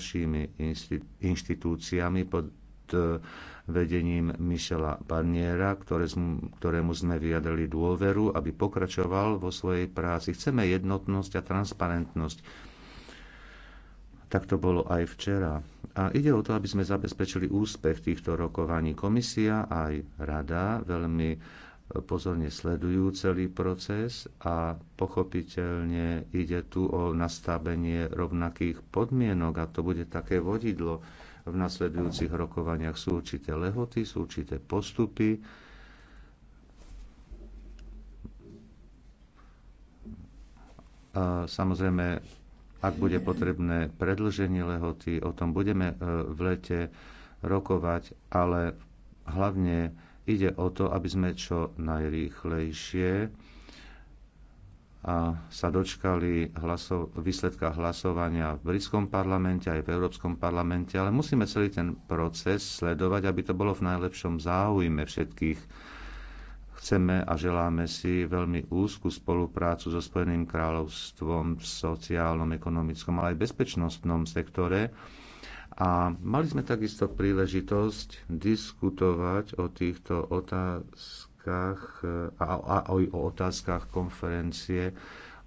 ďalšími inštitúciami pod eh, vedením Michela Barniera, ktorému sme vyjadrili dôveru, aby pokračoval vo svojej práci. Chceme jednotnosť a transparentnosť. Tak to bolo aj včera. A ide o to, aby sme zabezpečili úspech týchto rokovaní. Komisia aj rada veľmi pozorne sledujú celý proces a pochopiteľne ide tu o nastavenie rovnakých podmienok a to bude také vodidlo v nasledujúcich rokovaniach. Sú určité lehoty, sú určité postupy. A samozrejme, ak bude potrebné predlženie lehoty, o tom budeme e, v lete rokovať, ale hlavne Ide o to, aby sme čo najrýchlejšie a sa dočkali hlasov, výsledka hlasovania v britskom parlamente aj v Európskom parlamente, ale musíme celý ten proces sledovať, aby to bolo v najlepšom záujme všetkých. Chceme a želáme si veľmi úzku spoluprácu so Spojeným kráľovstvom v sociálnom, ekonomickom, ale aj bezpečnostnom sektore a mali sme takisto príležitosť diskutovať o týchto otázkach a, a, a o otázkach konferencie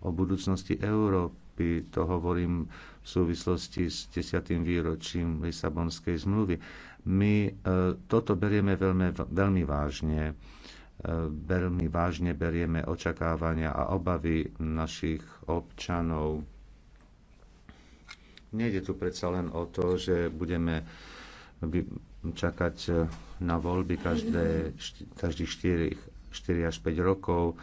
o budúcnosti Európy. To hovorím v súvislosti s 10. výročím Lisabonskej zmluvy. My e, toto berieme veľmi, veľmi vážne. E, veľmi vážne berieme očakávania a obavy našich občanov Nejde tu predsa len o to, že budeme čakať e, na voľby každé, každých 4, 4 až 5 rokov. E,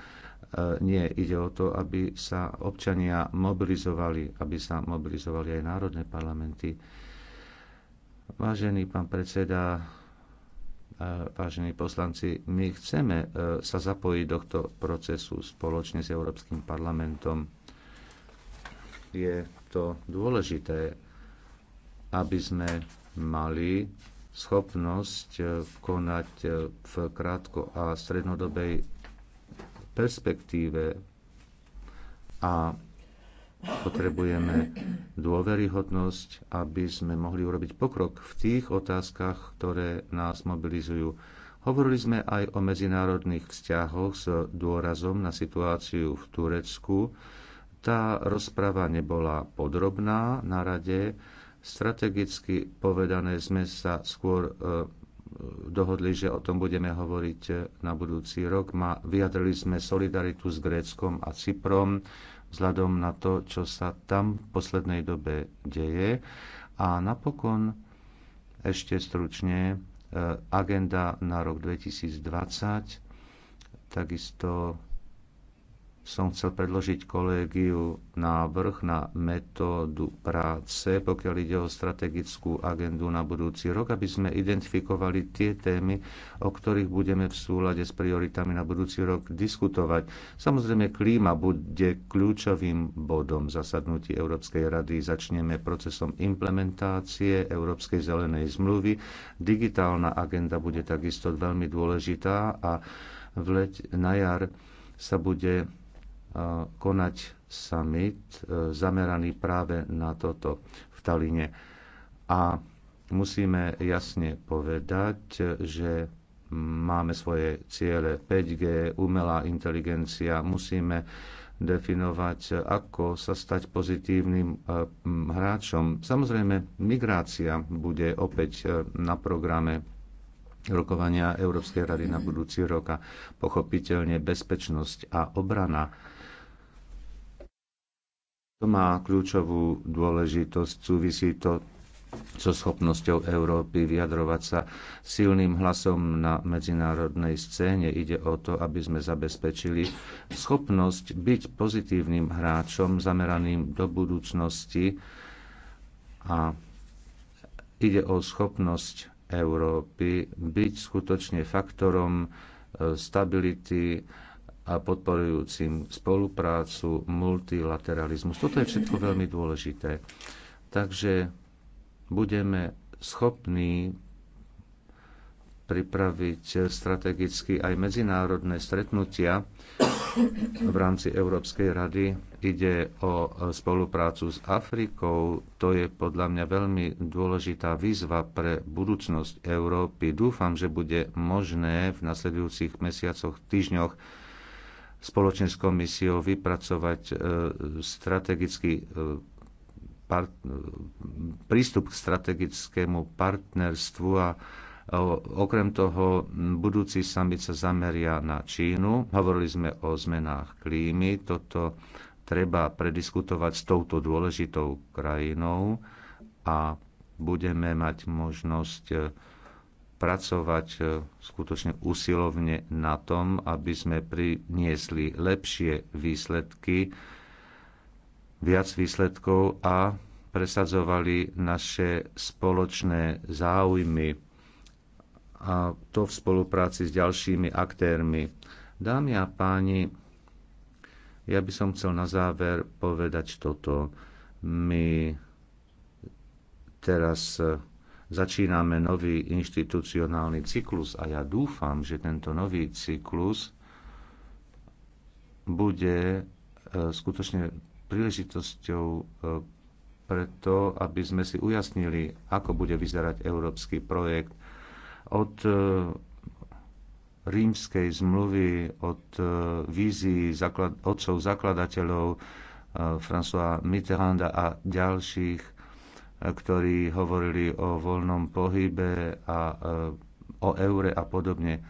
nie, ide o to, aby sa občania mobilizovali, aby sa mobilizovali aj národné parlamenty. Vážený pán predseda, e, vážení poslanci, my chceme sa zapojiť do tohto procesu spoločne s Európskym parlamentom je to dôležité, aby sme mali schopnosť eh, konať eh, v krátko a strednodobej perspektíve a potrebujeme dôveryhodnosť, aby sme mohli urobiť pokrok v tých otázkach, ktoré nás mobilizujú. Hovorili sme aj o medzinárodných vzťahoch s dôrazom na situáciu v Turecku tá rozprava nebola podrobná na rade. Strategicky povedané sme sa skôr e, dohodli, že o tom budeme hovoriť e, na budúci rok. Ma, vyjadrili sme solidaritu s Gréckom a Cyprom vzhľadom na to, čo sa tam v poslednej dobe deje. A napokon ešte stručne e, agenda na rok 2020, takisto som chcel predložiť kolégiu návrh na metódu práce, pokiaľ ide o strategickú agendu na budúci rok, aby sme identifikovali tie témy, o ktorých budeme v súlade s prioritami na budúci rok diskutovať. Samozrejme, klíma bude kľúčovým bodom zasadnutí Európskej rady. Začneme procesom implementácie Európskej zelenej zmluvy. Digitálna agenda bude takisto veľmi dôležitá a v leť, na jar sa bude konať summit e, zameraný práve na toto v Taline. A musíme jasne povedať, že máme svoje ciele 5G, umelá inteligencia, musíme definovať, ako sa stať pozitívnym e, hráčom. Samozrejme, migrácia bude opäť e, na programe rokovania Európskej rady na budúci rok a pochopiteľne bezpečnosť a obrana to má kľúčovú dôležitosť, súvisí to so schopnosťou Európy vyjadrovať sa silným hlasom na medzinárodnej scéne. Ide o to, aby sme zabezpečili schopnosť byť pozitívnym hráčom zameraným do budúcnosti a ide o schopnosť Európy byť skutočne faktorom e, stability, a podporujúcim spoluprácu, multilateralizmus. Toto je všetko veľmi dôležité. Takže budeme schopní pripraviť strategicky aj medzinárodné stretnutia v rámci Európskej rady. Ide o spoluprácu s Afrikou. To je podľa mňa veľmi dôležitá výzva pre budúcnosť Európy. Dúfam, že bude možné v nasledujúcich mesiacoch, týždňoch spoločne s komisiou vypracovať e, strategický e, part, e, prístup k strategickému partnerstvu a Okrem toho, budúci summit sa zameria na Čínu. Hovorili sme o zmenách klímy. Toto treba prediskutovať s touto dôležitou krajinou a budeme mať možnosť pracovať e, skutočne usilovne na tom, aby sme priniesli lepšie výsledky, viac výsledkov a presadzovali naše spoločné záujmy a to v spolupráci s ďalšími aktérmi. Dámy a páni, ja by som chcel na záver povedať toto. My teraz e, Začíname nový inštitucionálny cyklus a ja dúfam, že tento nový cyklus bude e, skutočne príležitosťou e, preto, aby sme si ujasnili, ako bude vyzerať európsky projekt od e, rímskej zmluvy, od vízií zaklad, otcov zakladateľov François Mitterranda a ďalších ktorí hovorili o voľnom pohybe a e, o eure a podobne. E,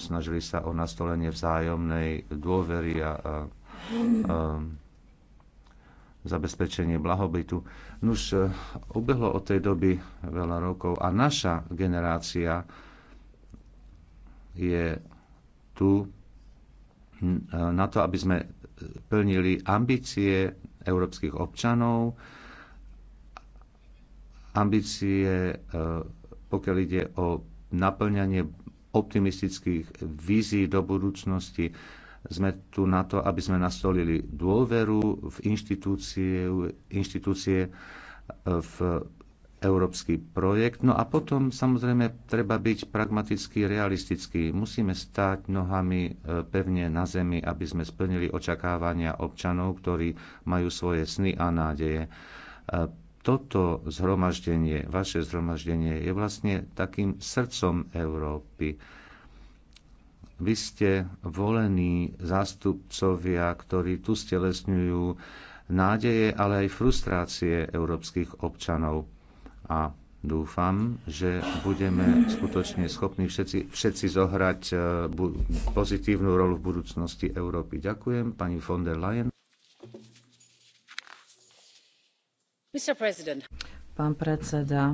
snažili sa o nastolenie vzájomnej dôvery a, a, a zabezpečenie blahobytu. Nuž, e, ubehlo od tej doby veľa rokov a naša generácia je tu na to, aby sme plnili ambície európskych občanov, ambície, e, pokiaľ ide o naplňanie optimistických vízií do budúcnosti. Sme tu na to, aby sme nastolili dôveru v inštitúcie, inštitúcie e, v európsky projekt. No a potom samozrejme treba byť pragmaticky realistický. Musíme stať nohami e, pevne na zemi, aby sme splnili očakávania občanov, ktorí majú svoje sny a nádeje. E, toto zhromaždenie, vaše zhromaždenie je vlastne takým srdcom Európy. Vy ste volení zástupcovia, ktorí tu stelesňujú nádeje, ale aj frustrácie európskych občanov a dúfam, že budeme skutočne schopní všetci, všetci zohrať e, pozitívnu rolu v budúcnosti Európy. Ďakujem, pani von der Leyen. Pán predseda,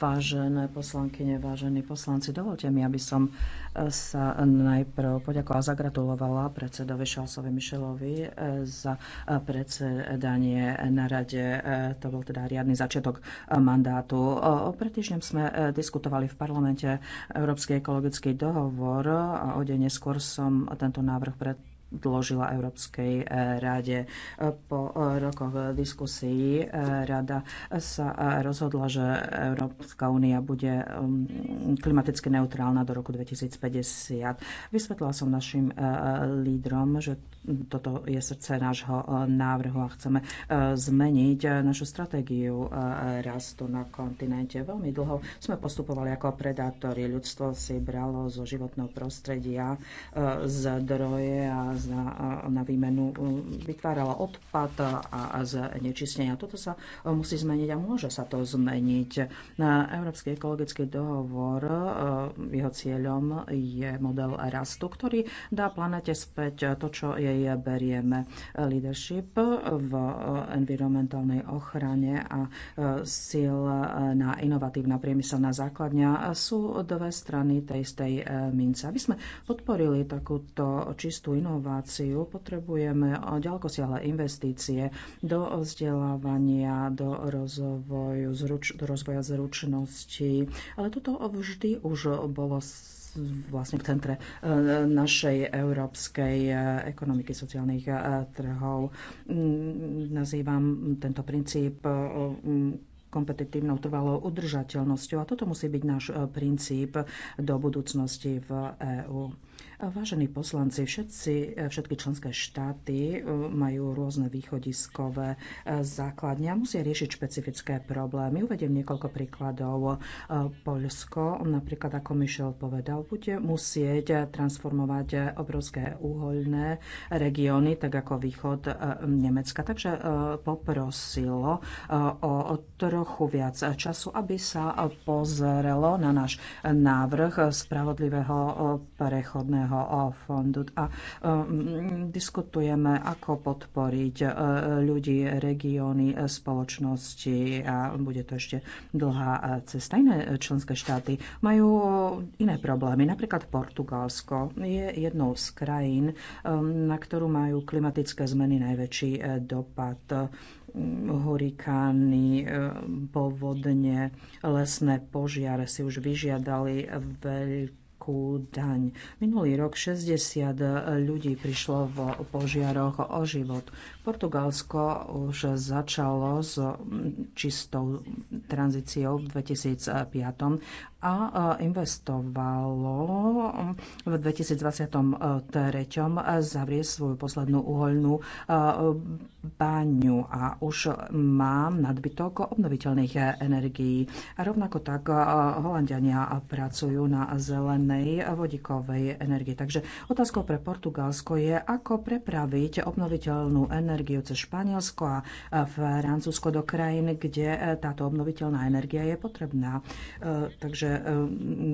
vážené poslankyne, vážení poslanci, dovolte mi, aby som eh, sa najprv poďakovala, zagratulovala predsedovi Šalsovi Mišelovi eh, za eh, predsedanie na rade. To bol teda riadny začiatok mandátu. Pred týždňom sme diskutovali v parlamente Európsky ekologický dohovor a o deň neskôr som tento návrh pred predložila Európskej eh, rade. Po eh, rokoch diskusí eh, rada sa rozhodla, že Európska únia bude mm, klimaticky neutrálna do roku 2050. Vysvetlila som našim lídrom, že toto je srdce nášho návrhu a chceme zmeniť našu stratégiu rastu na kontinente. Veľmi dlho sme postupovali ako predátori. Ľudstvo si bralo zo životného prostredia zdroje a za, na výmenu vytvárala odpad a, a nečistenia. Toto sa e, musí zmeniť a môže sa to zmeniť. Na Európsky ekologický dohovor e, jeho cieľom je model rastu, ktorý dá planete späť to, čo jej berieme. Leadership v e, environmentálnej ochrane a síl na inovatívna priemyselná základňa sú dve strany tej istej mince. Aby sme podporili takúto čistú inováciu, inováciu, potrebujeme ďalkosiahle investície do vzdelávania, do rozvoju, zruč, do rozvoja zručnosti, Ale toto vždy už bolo vlastne v centre eh, našej európskej eh, ekonomiky sociálnych eh, trhov. Mm, nazývam tento princíp mm, kompetitívnou trvalou udržateľnosťou a toto musí byť náš princíp do budúcnosti v EÚ. Vážení poslanci, všetci, e, všetky členské štáty e, majú rôzne východiskové e, základne a musia riešiť špecifické problémy. Uvediem niekoľko príkladov. Poľsko, napríklad ako Michel povedal, bude musieť transformovať obrovské úhoľné regióny, tak ako východ Nemecka. Takže poprosilo o trochu viac času, aby sa pozrelo na náš návrh spravodlivého prechodného sociálneho fondu a mm, diskutujeme, ako podporiť e, ľudí, regióny, e, spoločnosti a bude to ešte dlhá e, cesta. Iné členské štáty majú iné problémy. Napríklad Portugalsko je jednou z krajín, na ktorú majú klimatické zmeny najväčší dopad hurikány, povodne, lesné požiare si už vyžiadali veľké veľkú daň. Minulý rok 60 ľudí prišlo v požiaroch o život. Portugalsko už začalo s mm, čistou tranzíciou v 2005 a e, investovalo mm, v 2023 zavrie svoju poslednú uholnú e, baňu a už mám nadbytok obnoviteľných energií. A rovnako tak e, Holandiania pracujú na zelenej vodíkovej energii. Takže otázkou pre Portugalsko je, ako prepraviť obnoviteľnú energii energiu cez Španielsko a Francúzsko do krajín, kde e, táto obnoviteľná energia je potrebná. E, takže e,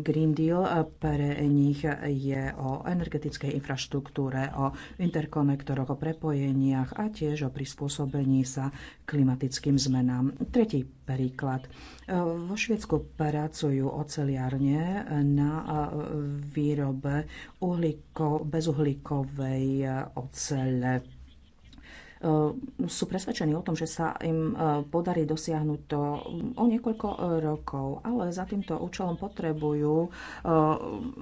Green Deal pre nich je o energetickej infraštruktúre, o interkonektoroch, o prepojeniach a tiež o prispôsobení sa klimatickým zmenám. Tretí príklad. Vo Švedsku pracujú oceliárne na výrobe uhlíko, bezuhlíkovej ocele Ehm, sú presvedčení o tom, že sa im e, podarí dosiahnuť to mm, o niekoľko e, rokov, ale za týmto účelom potrebujú, e,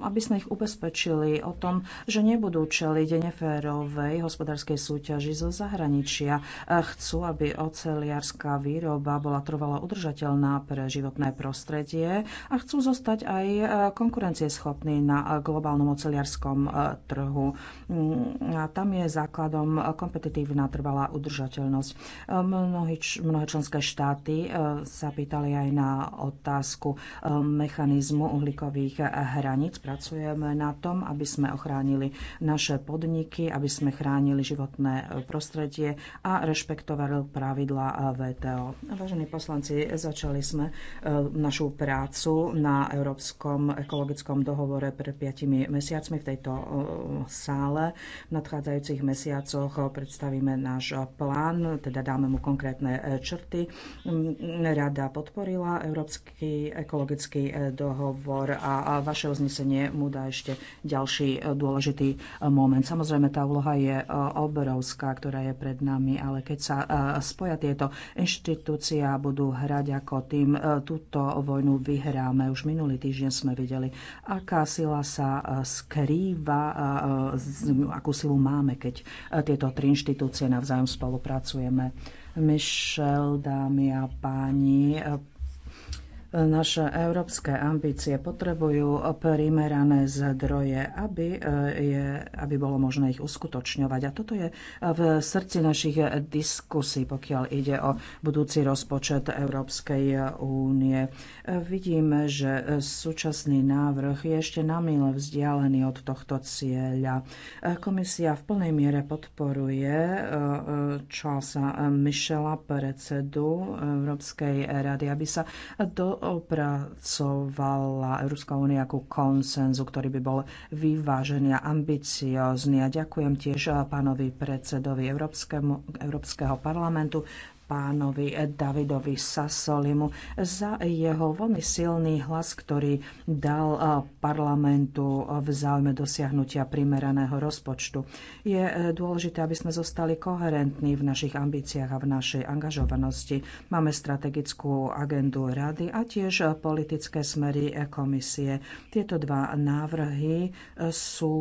aby sme ich ubezpečili o tom, že nebudú čeliť neférovej hospodárskej súťaži zo zahraničia. Chcú, aby oceliarská výroba bola trvalo udržateľná pre životné prostredie a chcú zostať aj konkurencieschopní na globálnom oceliarskom trhu. Mm, a tam je základom kompetitívna trvá trvalá udržateľnosť. Ehm, mnohí, mnohé členské štáty ehm, sa pýtali aj na otázku ehm, mechanizmu uhlíkových hraníc. Pracujeme na tom, aby sme ochránili naše podniky, aby sme chránili životné prostredie a rešpektovali pravidla VTO. Vážení poslanci, začali sme našu prácu na Európskom ekologickom dohovore pred piatimi mesiacmi v tejto sále. V nadchádzajúcich mesiacoch predstavíme na náš plán, teda dáme mu konkrétne e, črty. Rada podporila Európsky ekologický e, dohovor a vaše uznesenie mu dá ešte ďalší e, dôležitý moment. Samozrejme, tá úloha je obrovská, ktorá je pred nami, ale keď sa spoja tieto inštitúcia budú hrať ako tým, túto vojnu vyhráme. Už minulý týždeň sme videli, aká sila sa skrýva, akú silu máme, keď tieto tri inštitúcie navzájom navzájom spolupracujeme. Michel, dámy a páni, naše európske ambície potrebujú primerané zdroje, aby, eh, je, aby bolo možné ich uskutočňovať. A toto je eh, v srdci našich diskusí, pokiaľ ide o budúci rozpočet Európskej eh, únie. Vidíme, že súčasný návrh je ešte na vzdialený od tohto cieľa. Komisia v plnej miere podporuje Charlesa Michela, predsedu Európskej rady, aby sa do opracovala Európska únia ku konsenzu, ktorý by bol vyvážený a ambiciózny. A ďakujem tiež pánovi predsedovi Európskeho parlamentu pánovi Davidovi Sasolimu za jeho veľmi silný hlas, ktorý dal parlamentu v záujme dosiahnutia primeraného rozpočtu. Je e, dôležité, aby sme zostali koherentní v našich ambíciách a v našej angažovanosti. Máme strategickú agendu rady a tiež e, politické smery e, komisie. Tieto dva návrhy sú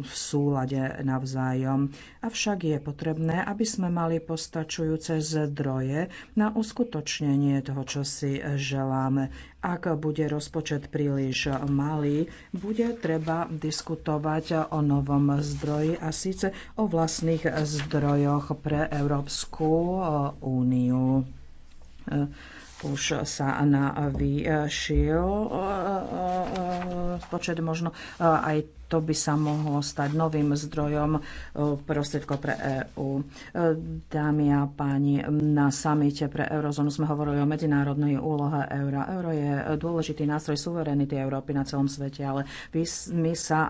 v súlade navzájom. Avšak je potrebné, aby sme mali postačujúce zdroje na uskutočnenie toho, čo si želáme. Ak bude rozpočet príliš malý, bude treba diskutovať o novom zdroji a síce o vlastných zdrojoch pre Európsku úniu už sa navýšil eh, eh, eh, počet možno aj to by sa mohlo stať novým zdrojom e, prostriedkov pre EÚ. E, dámy a páni, na samite pre eurozónu sme hovorili o medzinárodnej úlohe eura. Euro je dôležitý nástroj suverenity Európy na celom svete, ale my sa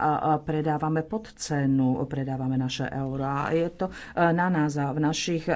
predávame pod cenu, predávame naše euro. A je to e, na nás a v našich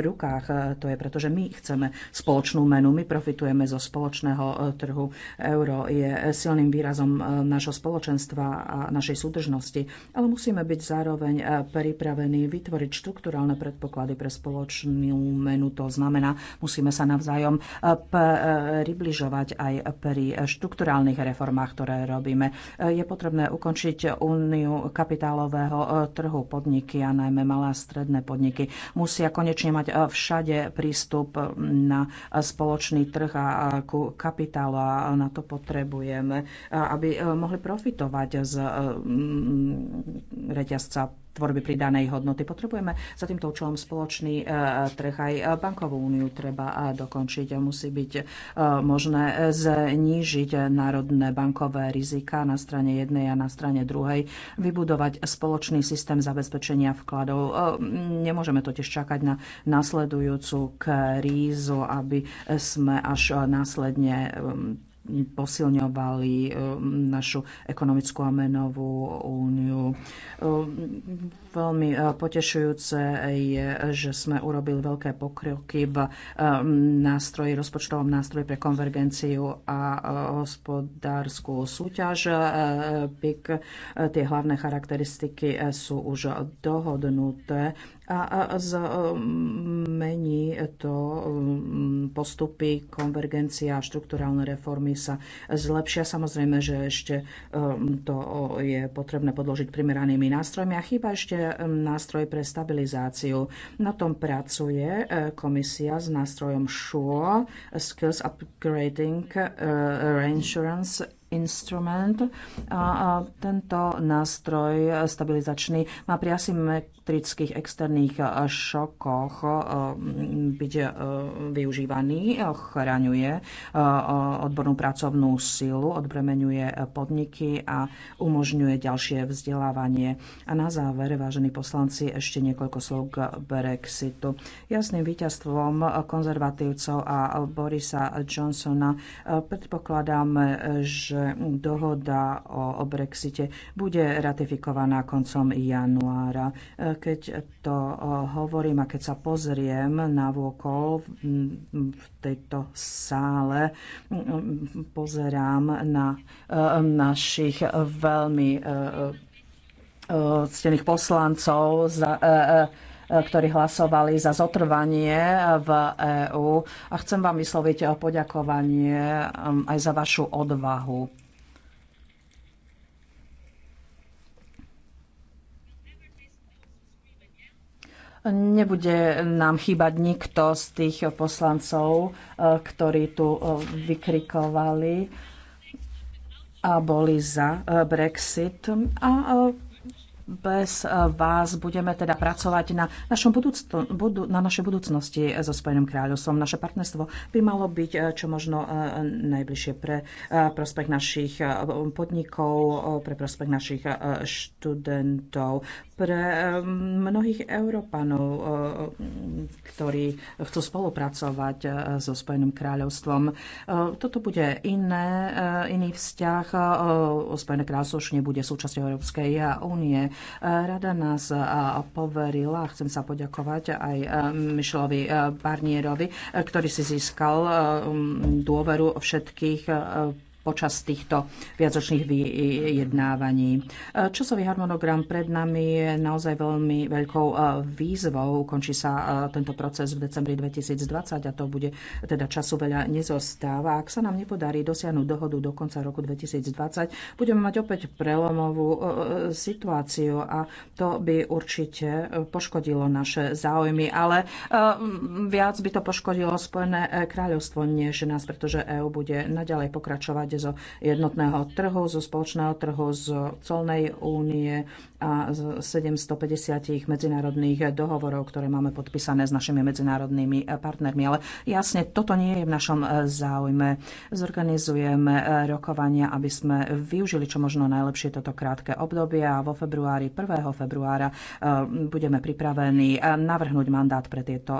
rukách. To je preto, že my chceme spoločnú menu, my profitujeme zo spoločného trhu. Euro je silným výrazom našho spoločenstva a našej súdržnosti, ale musíme byť zároveň eh, pripravení vytvoriť štruktúralne predpoklady pre spoločnú menu. To znamená, musíme sa navzájom eh, eh, približovať aj pri štruktúrálnych reformách, ktoré robíme. Je potrebné ukončiť úniu kapitálového trhu podniky a najmä malé a stredné podniky. Musia konečne mať všade prístup na spoločný trh a ku kapitálu a na to potrebujeme, aby mohli profitovať z Mm, reťazca tvorby pridanej hodnoty. Potrebujeme za týmto účelom spoločný e, trh. Aj e, bankovú úniu treba e, dokončiť. Musí byť možné znížiť národné bankové rizika na strane jednej a na strane druhej, vybudovať spoločný systém zabezpečenia vkladov. Nemôžeme totiž čakať na nasledujúcu krízu, aby sme až následne posilňovali eh, našu ekonomickú a menovú úniu. Eh, Veľmi e, potešujúce je, že sme urobili veľké pokroky v e, nástroji, rozpočtovom nástroji pre konvergenciu a e, hospodárskú súťaž. PIK, tie hlavné charakteristiky sú už dohodnuté a zmení to mm, postupy, konvergencia a štruktúrálne reformy sa zlepšia. Samozrejme, že ešte to je potrebné podložiť primeranými nástrojmi a chýba ešte nástroj pre stabilizáciu. Na tom pracuje e, komisia s nástrojom SURE, Skills Upgrading e, Reinsurance instrument. A tento nástroj stabilizačný má pri asymetrických externých šokoch byť využívaný, ochraňuje odbornú pracovnú silu, odbremenuje podniky a umožňuje ďalšie vzdelávanie. A na záver, vážení poslanci, ešte niekoľko slov k Brexitu. Jasným víťazstvom konzervatívcov a Borisa Johnsona predpokladáme, že že dohoda o, o Brexite bude ratifikovaná koncom januára. E, keď to e, hovorím a keď sa pozriem na vôkol v tejto sále, pozerám na e, našich veľmi ctených poslancov za E, ktorí hlasovali za zotrvanie v EÚ. A chcem vám vysloviť poďakovanie aj za vašu odvahu. Nebude nám chýbať nikto z tých poslancov, e, ktorí tu e, vykrikovali a boli za Brexit. A bez eh, vás budeme teda pracovať na, našom budúcto, budu, na našej budúcnosti so Spojeným kráľovstvom. Naše partnerstvo by malo byť eh, čo možno eh, najbližšie pre prospech našich podnikov, pre prospech našich študentov, pre mnohých Európanov, ktorí chcú spolupracovať so Spojeným kráľovstvom. Toto bude iné, iný vzťah. Spojené kráľovstvo už nebude súčasťou Európskej únie Rada nás poverila, chcem sa poďakovať aj Mišlovi Barnierovi, ktorý si získal um, dôveru všetkých počas týchto viacročných vyjednávaní. E, časový harmonogram pred nami je naozaj veľmi veľkou e, výzvou. Končí sa e, tento proces v decembri 2020 a to bude teda času veľa nezostáva. Ak sa nám nepodarí dosiahnuť dohodu do konca roku 2020, budeme mať opäť prelomovú situáciu a to by určite poškodilo naše záujmy, ale viac by to poškodilo Spojené kráľovstvo než nás, pretože EÚ bude naďalej pokračovať zo jednotného trhu, zo spoločného trhu, z colnej únie, a 750 medzinárodných dohovorov, ktoré máme podpísané s našimi medzinárodnými partnermi. Ale jasne, toto nie je v našom e, záujme. Zorganizujeme e, rokovania, aby sme využili čo možno najlepšie toto krátke obdobie a vo februári, 1. februára e, budeme pripravení navrhnúť mandát pre tieto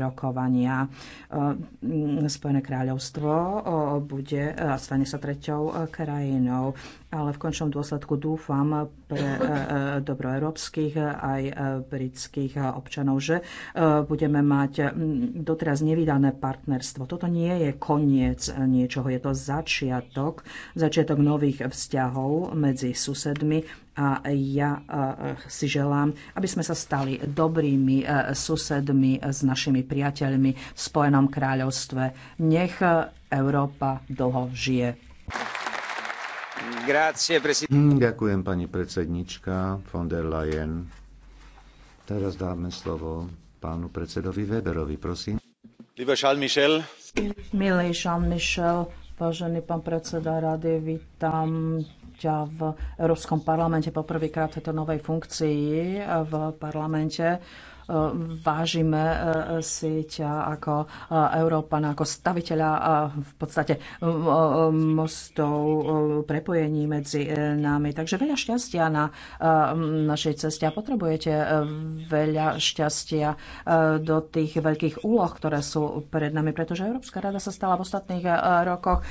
rokovania. Spojené kráľovstvo bude a stane sa treťou krajinou ale v končnom dôsledku dúfam pre e, e, dobro európskych aj e, britských občanov, že budeme mať doteraz nevydané partnerstvo. Toto nie je koniec niečoho, je to začiatok, začiatok nových vzťahov medzi susedmi, a ja si želám, aby sme sa stali dobrými susedmi s našimi priateľmi v Spojenom kráľovstve. Nech Európa dlho žije. Hm, ďakujem, pani predsednička von der Leyen. Teraz dáme slovo pánu predsedovi Weberovi, prosím. Lieber Charles Michel. Milý Charles Michel, vážený pán predseda rady, vítam ťa v Európskom parlamente poprvýkrát v tejto novej funkcii v parlamente. Vážime e, si ťa ako e, Európana, ako staviteľa a v podstate e, mostov prepojení medzi nami. Takže veľa šťastia na našej ceste a potrebujete veľa šťastia do tých veľkých úloh, ktoré sú pred nami, pretože Európska rada sa stala v ostatných rokoch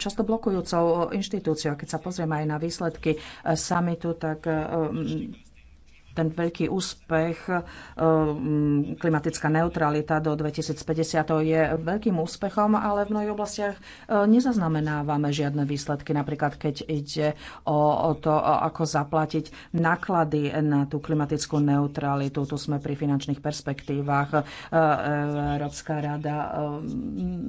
často blokujúcou inštitúciou. Keď sa pozrieme aj na výsledky samitu, tak ten veľký úspech, e, klimatická neutralita do 2050 je veľkým úspechom, ale v mnohých oblastiach e, nezaznamenávame žiadne výsledky. Napríklad, keď ide o, to, ako zaplatiť náklady na tú klimatickú neutralitu. Tu sme pri finančných perspektívach. E, Európska rada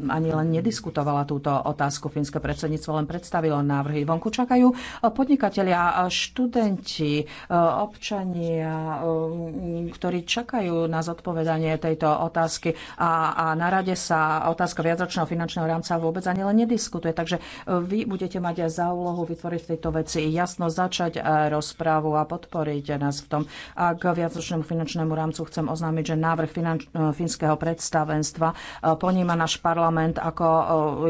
ani len nediskutovala túto otázku. Fínske predsedníctvo len predstavilo návrhy. Vonku čakajú podnikatelia, študenti, občania, občania, um, ktorí čakajú na zodpovedanie tejto otázky a, a na rade sa otázka viacročného finančného rámca vôbec ani len nediskutuje. Takže uh, vy budete mať aj za úlohu vytvoriť v tejto veci jasno, začať uh, rozprávu a podporiť nás v tom. A k viacročnému finančnému rámcu chcem oznámiť, že návrh finanč, uh, predstavenstva poníma náš parlament ako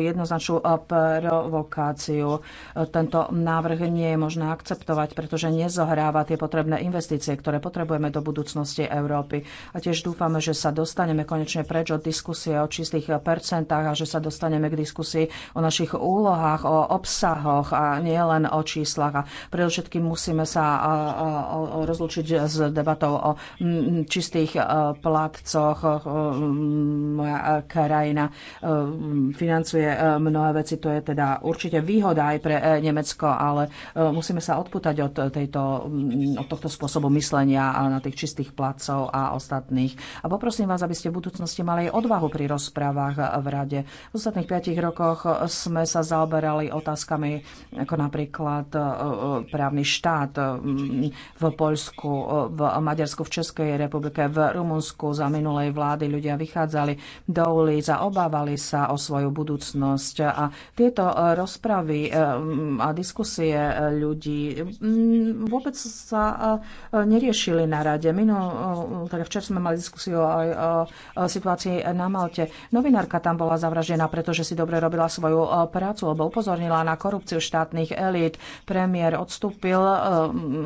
jednoznačnú provokáciu. Tento návrh nie je možné akceptovať, pretože nezohráva tie potrebné investície investície, ktoré potrebujeme do budúcnosti Európy. A tiež dúfame, že sa dostaneme konečne preč od diskusie o čistých percentách a že sa dostaneme k diskusii o našich úlohách, o obsahoch a nielen o číslach. A predovšetkým musíme sa rozlučiť s debatou o čistých e, platcoch. E, moja e, krajina financuje mnohé veci, to je teda určite výhoda aj pre Nemecko, ale musíme sa odputať od, tejto, od tohto spôsobu myslenia na tých čistých placov a ostatných. A poprosím vás, aby ste v budúcnosti mali aj odvahu pri rozprávach v Rade. V ostatných piatich rokoch sme sa zaoberali otázkami ako napríklad e, e, právny štát e, v Poľsku, v Maďarsku, v Českej republike, v Rumunsku za minulej vlády ľudia vychádzali do ulic a obávali sa o svoju budúcnosť. A tieto rozpravy a diskusie ľudí vôbec sa neriešili na rade. Minul, eh, teda včera sme mali diskusiu aj o situácii na Malte. Novinárka tam bola zavraždená, pretože si dobre robila svoju eh, prácu, lebo upozornila na korupciu štátnych elít. Premiér odstúpil, eh,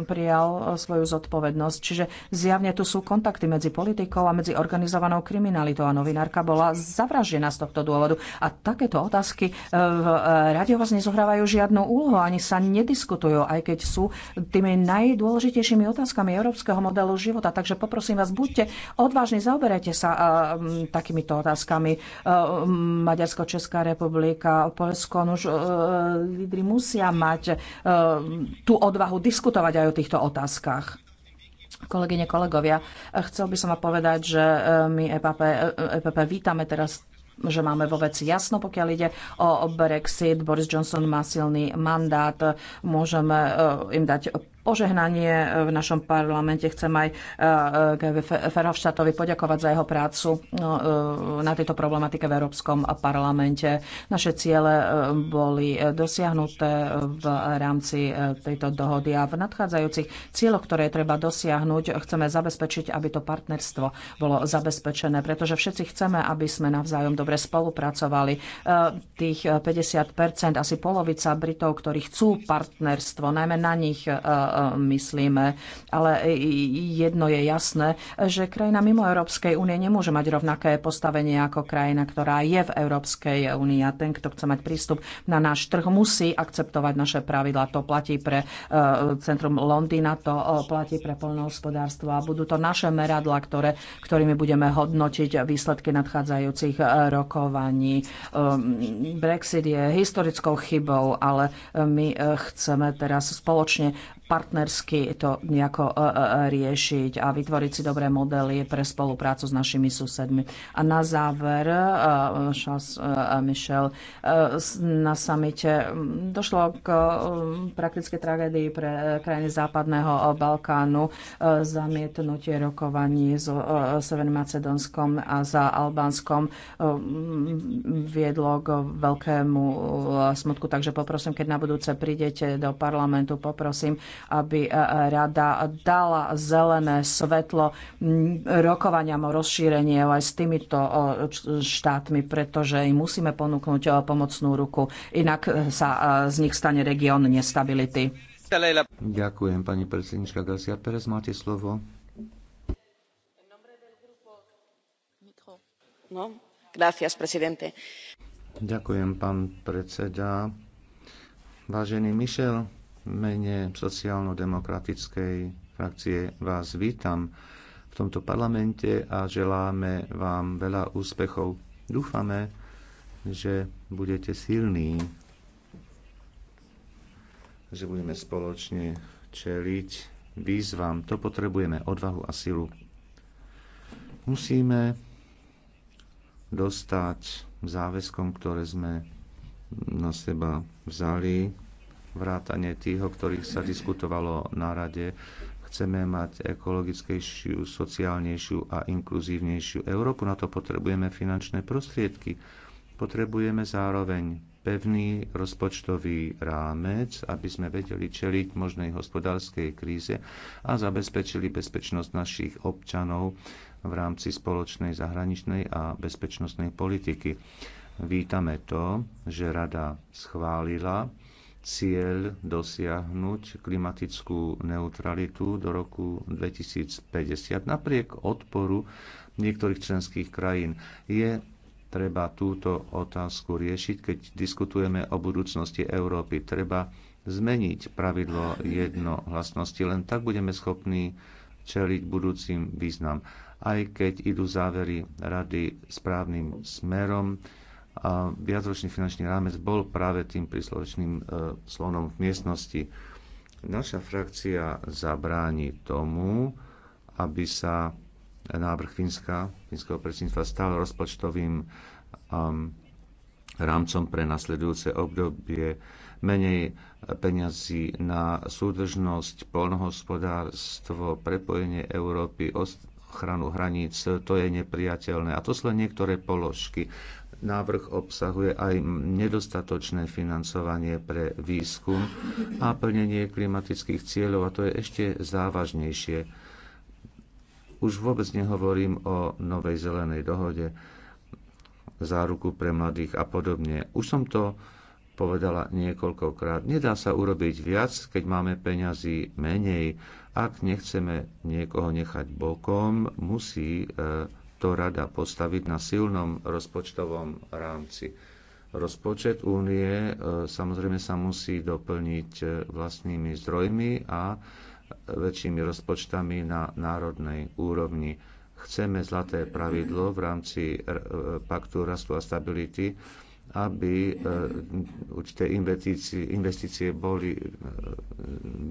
prijal svoju zodpovednosť. Čiže zjavne tu sú kontakty medzi politikou a medzi organizovanou kriminalitou a novinárka bola zavraždená z tohto dôvodu. A takéto otázky v rade vás nezohrávajú žiadnu úlohu, ani sa nediskutujú, aj keď sú tými najdôležitejšími otázkami európskeho modelu života. Takže poprosím vás, buďte odvážni, zaoberajte sa eh, takýmito otázkami. Eh, Maďarsko, Česká republika, Polsko, no už eh, lídry musia mať tú odvahu diskutovať aj o týchto otázkach. Kolegyne, kolegovia, chcel by som vám povedať, že my EPP, EPP e vítame teraz že máme vo veci jasno, pokiaľ ide o Brexit. Boris Johnson má silný mandát, môžeme im dať požehnanie v našom parlamente. Chcem aj eh, Ferhofštátovi poďakovať za jeho prácu eh, na tejto problematike v Európskom parlamente. Naše ciele eh, boli dosiahnuté v rámci tejto dohody a v nadchádzajúcich cieľoch, ktoré treba dosiahnuť, chceme zabezpečiť, aby to partnerstvo bolo zabezpečené, pretože všetci chceme, aby sme navzájom dobre spolupracovali. Tých 50%, asi polovica Britov, ktorí chcú partnerstvo, najmä na nich myslíme. Ale jedno je jasné, že krajina mimo Európskej únie nemôže mať rovnaké postavenie ako krajina, ktorá je v Európskej únii. A ten, kto chce mať prístup na náš trh, musí akceptovať naše pravidla. To platí pre e, centrum Londýna, to e, platí pre polnohospodárstvo a budú to naše meradla, ktoré, ktorými budeme hodnotiť výsledky nadchádzajúcich e, rokovaní. Ehm, Brexit je historickou chybou, ale my chceme teraz spoločne partnersky to nejako e, e, e, riešiť a vytvoriť si dobré modely pre spoluprácu s našimi susedmi. A na záver, Charles Michel, na samite mm, došlo k praktické tragédii pre krajiny Západného Balkánu, zamietnutie rokovaní s Severným Macedónskom a za Albánskom mm, viedlo k veľkému smutku. Takže poprosím, keď na budúce prídete do parlamentu, poprosím, aby e, e, rada dala zelené svetlo rokovaniam o rozšírenie aj s týmito štátmi, pretože im musíme ponúknuť e, pomocnú ruku, inak sa z nich stane región nestability. Ďakujem, pani predsednička Garcia Perez, máte slovo. No, gracias, presidente. Ďakujem, pán predseda. Vážený Michel, mene sociálno-demokratickej frakcie vás vítam v tomto parlamente a želáme vám veľa úspechov. Dúfame, že budete silní, že budeme spoločne čeliť výzvam. To potrebujeme odvahu a silu. Musíme dostať záväzkom, ktoré sme na seba vzali vrátane tých, o ktorých sa diskutovalo na rade. Chceme mať ekologickejšiu, sociálnejšiu a inkluzívnejšiu Európu. Na to potrebujeme finančné prostriedky. Potrebujeme zároveň pevný rozpočtový rámec, aby sme vedeli čeliť možnej hospodárskej kríze a zabezpečili bezpečnosť našich občanov v rámci spoločnej zahraničnej a bezpečnostnej politiky. Vítame to, že Rada schválila cieľ dosiahnuť klimatickú neutralitu do roku 2050 napriek odporu niektorých členských krajín. Je treba túto otázku riešiť, keď diskutujeme o budúcnosti Európy. Treba zmeniť pravidlo jednohlasnosti, len tak budeme schopní čeliť budúcim význam. Aj keď idú závery rady správnym smerom, a viacročný finančný rámec bol práve tým príslovečným e, slonom v miestnosti. Naša frakcia zabráni tomu, aby sa návrh Fínska, Fínskeho predsedníctva stal rozpočtovým um, rámcom pre nasledujúce obdobie menej peňazí na súdržnosť, polnohospodárstvo, prepojenie Európy, ochranu hraníc, to je nepriateľné. A to sú len niektoré položky. Návrh obsahuje aj nedostatočné financovanie pre výskum a plnenie klimatických cieľov a to je ešte závažnejšie. Už vôbec nehovorím o novej zelenej dohode, záruku pre mladých a podobne. Už som to povedala niekoľkokrát. Nedá sa urobiť viac, keď máme peňazí menej. Ak nechceme niekoho nechať bokom, musí e, to rada postaviť na silnom rozpočtovom rámci. Rozpočet únie e, samozrejme sa musí doplniť e, vlastnými zdrojmi a e, väčšími rozpočtami na národnej úrovni. Chceme zlaté pravidlo v rámci paktu rastu a stability, aby určité investície, investície boli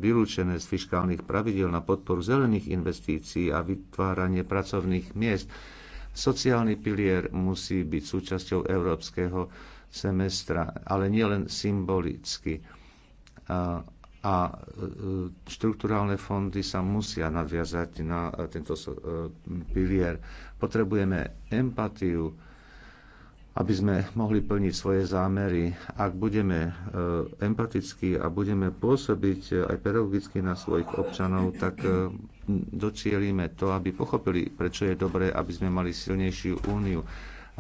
vylúčené z fiskálnych pravidel na podporu zelených investícií a vytváranie pracovných miest. Sociálny pilier musí byť súčasťou európskeho semestra, ale nielen symbolicky. A, a e, štruktúrálne fondy sa musia nadviazať na tento e, pilier. Potrebujeme empatiu, aby sme mohli plniť svoje zámery. Ak budeme e, empatickí a budeme pôsobiť e, aj pedagogicky na svojich občanov, tak e, docielíme to, aby pochopili, prečo je dobré, aby sme mali silnejšiu úniu.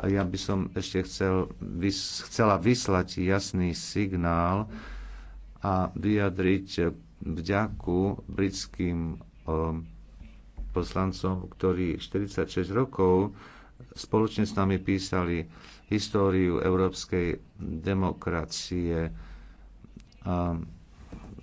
A ja by som ešte chcel, vys, chcela vyslať jasný signál a vyjadriť vďaku britským poslancom, ktorí 46 rokov spoločne s nami písali históriu európskej demokracie a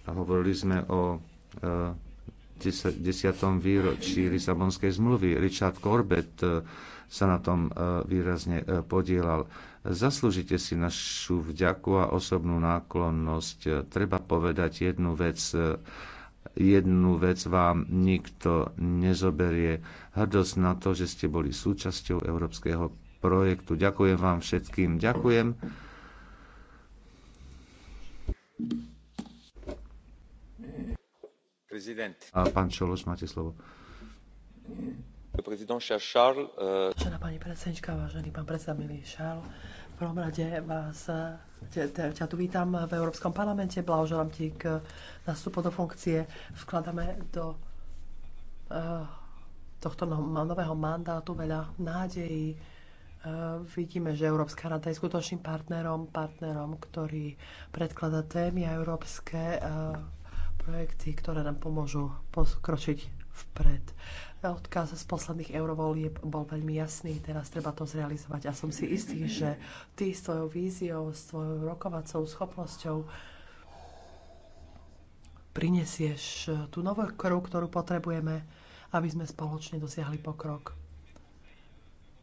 hovorili sme o e, desiatom výročí Lisabonskej zmluvy. Richard Corbett e, sa na tom e, výrazne podielal. Zaslúžite si našu vďaku a osobnú náklonnosť. Treba povedať jednu vec jednu vec vám nikto nezoberie. Hrdosť na to, že ste boli súčasťou európskeho projektu. Ďakujem vám všetkým. Ďakujem. Prezident. A pán Čološ, máte slovo. Vážená pani predsednička, vážený pán predseda, milý Charles, prvom rade vás ťa tu vítam v Európskom parlamente, blahoželám ti k nástupu do funkcie. Vkladáme do uh, tohto no, nového mandátu veľa nádejí. Uh, vidíme, že Európska rada je skutočným partnerom, partnerom, ktorý predklada témy a európske uh, projekty, ktoré nám pomôžu pokročiť vpred. Odkaz z posledných eurovolieb bol veľmi jasný, teraz treba to zrealizovať a som si istý, že ty svojou víziou, svojou rokovacou schopnosťou prinesieš eh, tú novú krv, ktorú potrebujeme, aby sme spoločne dosiahli pokrok.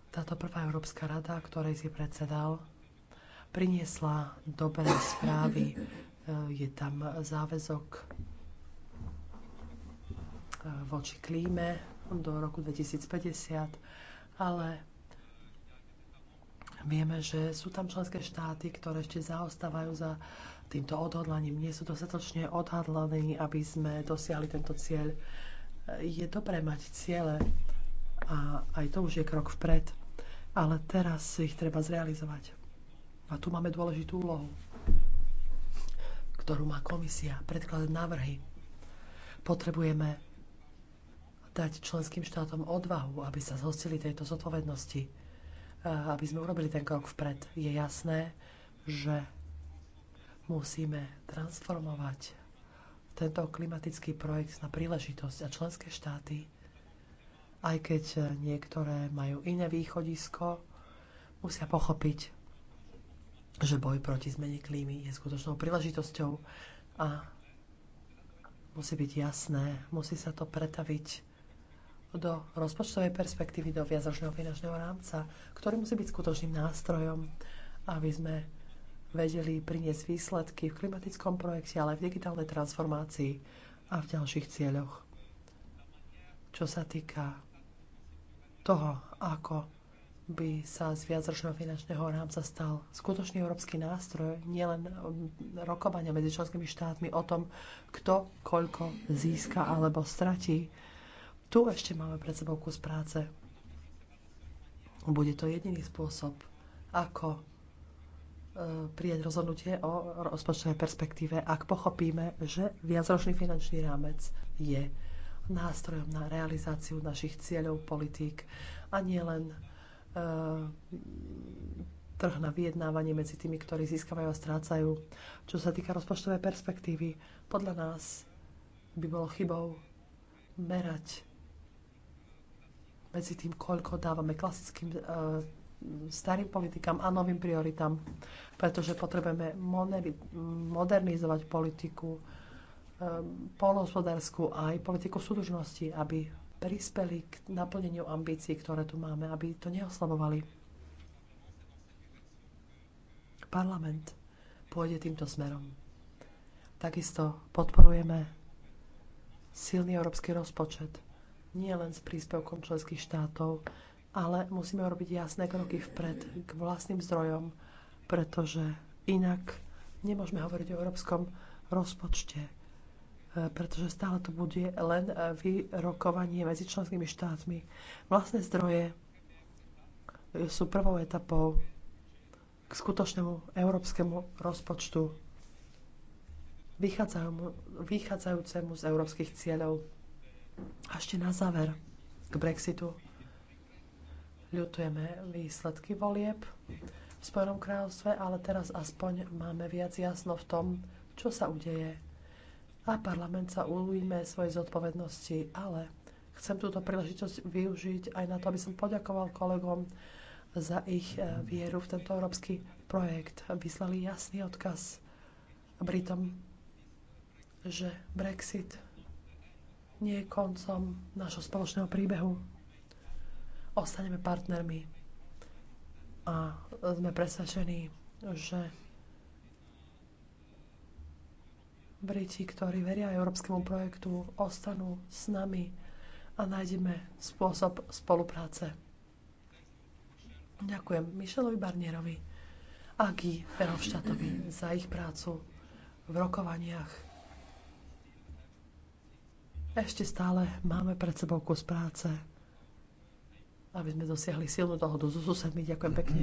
Táto prvá Európska rada, ktorej si predsedal, priniesla dobré správy. Eh, je tam záväzok eh, voči klíme, do roku 2050, ale vieme, že sú tam členské štáty, ktoré ešte zaostávajú za týmto odhodlaním. Nie sú dostatočne odhodlaní, aby sme dosiahli tento cieľ. Je dobré mať ciele a aj to už je krok vpred, ale teraz ich treba zrealizovať. A tu máme dôležitú úlohu, ktorú má komisia predkladať návrhy. Potrebujeme dať členským štátom odvahu, aby sa zhostili tejto zodpovednosti, eh, aby sme urobili ten krok vpred. Je jasné, že musíme transformovať tento klimatický projekt na príležitosť a členské štáty, aj keď eh, niektoré majú iné východisko, musia pochopiť, že boj proti zmene klímy je skutočnou príležitosťou a musí byť jasné, musí sa to pretaviť do rozpočtovej perspektívy, do viacročného finančného rámca, ktorý musí byť skutočným nástrojom, aby sme vedeli priniesť výsledky v klimatickom projekte, ale aj v digitálnej transformácii a v ďalších cieľoch. Čo sa týka toho, ako by sa z viacročného finančného rámca stal skutočný európsky nástroj, nielen rokovania medzi členskými štátmi o tom, kto koľko získa alebo stratí tu ešte máme pred sebou kus práce. Bude to jediný spôsob, ako e, prijať rozhodnutie o rozpočtovej perspektíve, ak pochopíme, že viacročný finančný rámec je nástrojom na realizáciu našich cieľov politík a nie len e, trh na vyjednávanie medzi tými, ktorí získavajú a strácajú. Čo sa týka rozpočtovej perspektívy, podľa nás by bolo chybou merať medzi tým, koľko dávame klasickým uh, starým politikám a novým prioritám, pretože potrebujeme modernizovať politiku, e, polnohospodárskú aj politiku súdržnosti, aby prispeli k naplneniu ambícií, ktoré tu máme, aby to neoslabovali. Parlament pôjde týmto smerom. Takisto podporujeme silný európsky rozpočet nie len s príspevkom členských štátov, ale musíme robiť jasné kroky vpred k vlastným zdrojom, pretože inak nemôžeme hovoriť o európskom rozpočte, e, pretože stále to bude len vyrokovanie medzi členskými štátmi. Vlastné zdroje sú prvou etapou k skutočnému európskemu rozpočtu vychádzajúcemu z európskych cieľov. A ešte na záver k Brexitu. Ľutujeme výsledky volieb v Spojenom kráľovstve, ale teraz aspoň máme viac jasno v tom, čo sa udeje. A parlament sa ujme svojej zodpovednosti, ale chcem túto príležitosť využiť aj na to, aby som poďakoval kolegom za ich eh, vieru v tento európsky projekt. Vyslali jasný odkaz Britom, že Brexit nie je koncom nášho spoločného príbehu. Ostaneme partnermi a sme presvedčení, že Briti, ktorí veria európskemu projektu, ostanú s nami a nájdeme spôsob spolupráce. Ďakujem Michelovi Barnierovi a Guy Verhofstadtovi za ich prácu v rokovaniach ešte stále máme pred sebou kus práce, aby sme dosiahli silnú dohodu so susedmi. Ďakujem pekne.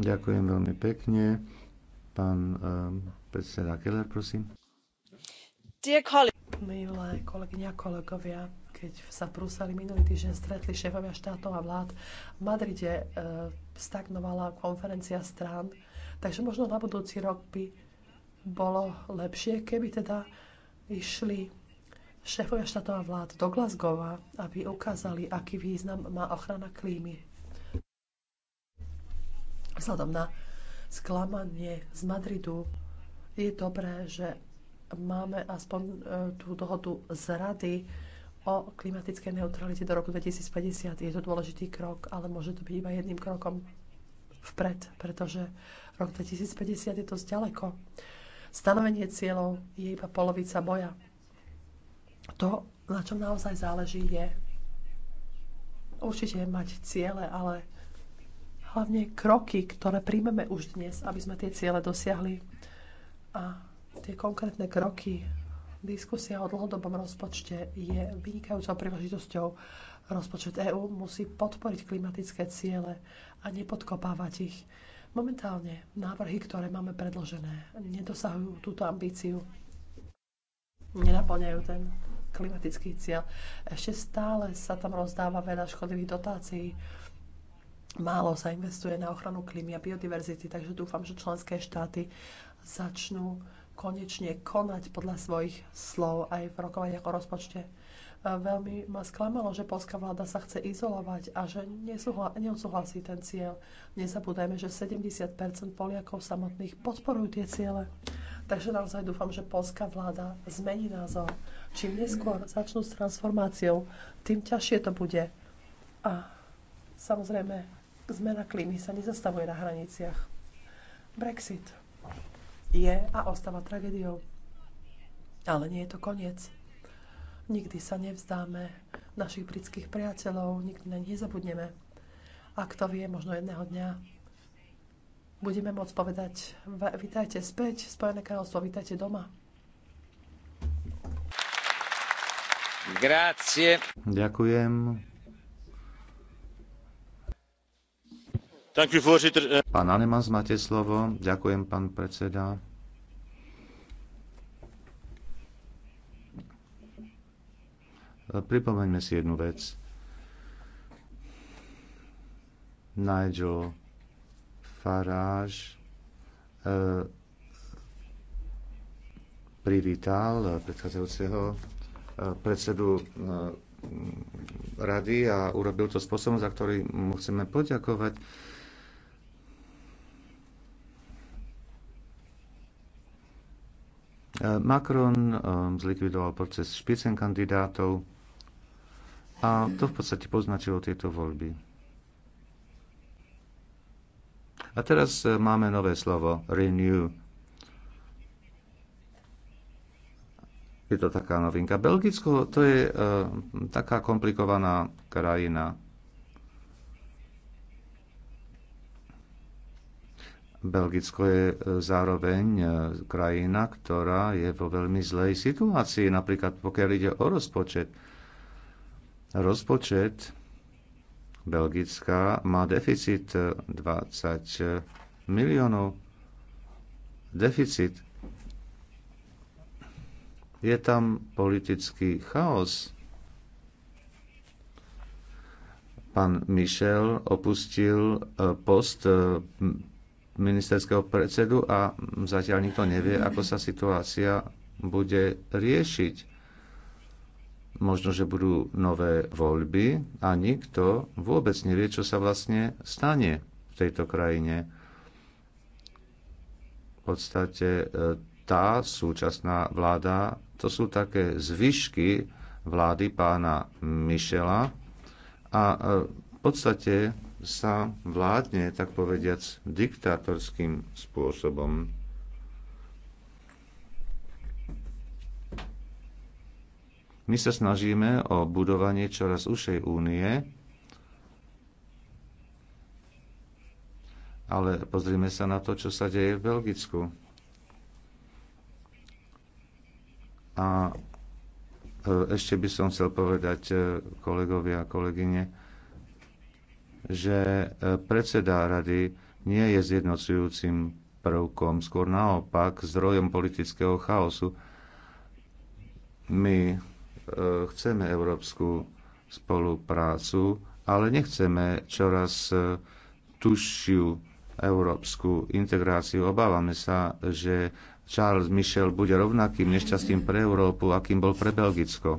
Ďakujem veľmi pekne. Pán eh, predseda Keller, prosím. Milé kolegyňa a kolegovia, keď sa v Bruseli minulý týždeň stretli šéfovia štátov a vlád, v Madride eh, stagnovala konferencia strán, takže možno na budúci rok by bolo lepšie, keby teda išli šéfovia štátov a vlád do Glasgowa, aby ukázali, aký význam má ochrana klímy. Vzhľadom na sklamanie z Madridu je dobré, že máme aspoň e, tú dohodu z Rady o klimatickej neutralite do roku 2050. Je to dôležitý krok, ale môže to byť iba jedným krokom vpred, pretože rok 2050 je to ďaleko. Stanovenie cieľov je iba polovica boja. To, na čom naozaj záleží, je určite mať ciele, ale hlavne kroky, ktoré príjmeme už dnes, aby sme tie ciele dosiahli. A tie konkrétne kroky, diskusia o dlhodobom rozpočte je vynikajúcou príležitosťou. Rozpočet EÚ musí podporiť klimatické ciele a nepodkopávať ich. Momentálne návrhy, ktoré máme predložené, nedosahujú túto ambíciu, nenaplňajú ten klimatický cieľ. Ešte stále sa tam rozdáva veľa škodlivých dotácií. Málo sa investuje na ochranu klímy a biodiverzity, takže dúfam, že členské štáty začnú konečne konať podľa svojich slov aj v rokovaniach o rozpočte. Veľmi ma sklamalo, že polská vláda sa chce izolovať a že neodsúhlasí ten cieľ. Nezabúdajme, že 70 Poliakov samotných podporujú tie ciele. Takže naozaj dúfam, že polská vláda zmení názor. Čím neskôr začnú s transformáciou, tým ťažšie to bude. A samozrejme, zmena klímy sa nezastavuje na hraniciach. Brexit je a ostáva tragédiou. Ale nie je to koniec Nikdy sa nevzdáme našich britských priateľov, nikdy na nich nezabudneme. A kto vie, možno jedného dňa budeme môcť povedať vítajte späť, Spojené kráľovstvo, vítajte doma. Grazie. Ďakujem. Pán Anemans, máte slovo. Ďakujem, pán predseda. Pripomeňme si jednu vec. Nigel Farage eh, privítal predchádzajúceho eh, predsedu eh, rady a urobil to spôsobom, za ktorý mu chceme poďakovať. Macron zlikvidoval proces špicen kandidátov a to v podstate poznačilo tieto voľby. A teraz e, máme nové slovo renew. Je to taká novinka. Belgicko to je e, taká komplikovaná krajina. Belgicko je e, zároveň e, krajina, ktorá je vo veľmi zlej situácii, napríklad pokiaľ ide o rozpočet. Rozpočet Belgická má deficit 20 miliónov. Deficit. Je tam politický chaos. Pán Michel opustil e, post e, ministerského predsedu a zatiaľ nikto nevie, ako sa situácia bude riešiť. Možno, že budú nové voľby a nikto vôbec nevie, čo sa vlastne stane v tejto krajine. V podstate e, tá súčasná vláda, to sú také zvyšky vlády pána Mišela a e, v podstate sa vládne, tak povediac, diktátorským spôsobom. My sa snažíme o budovanie čoraz ušej únie, ale pozrime sa na to, čo sa deje v Belgicku. A e, ešte by som chcel povedať e, kolegovia a kolegyne, že e, predseda rady nie je zjednocujúcim prvkom, skôr naopak zdrojom politického chaosu. My Eh, chceme európsku spoluprácu, ale nechceme čoraz eh, tušiu európsku integráciu. Obávame sa, že Charles Michel bude rovnakým nešťastím pre Európu, akým bol pre Belgicko.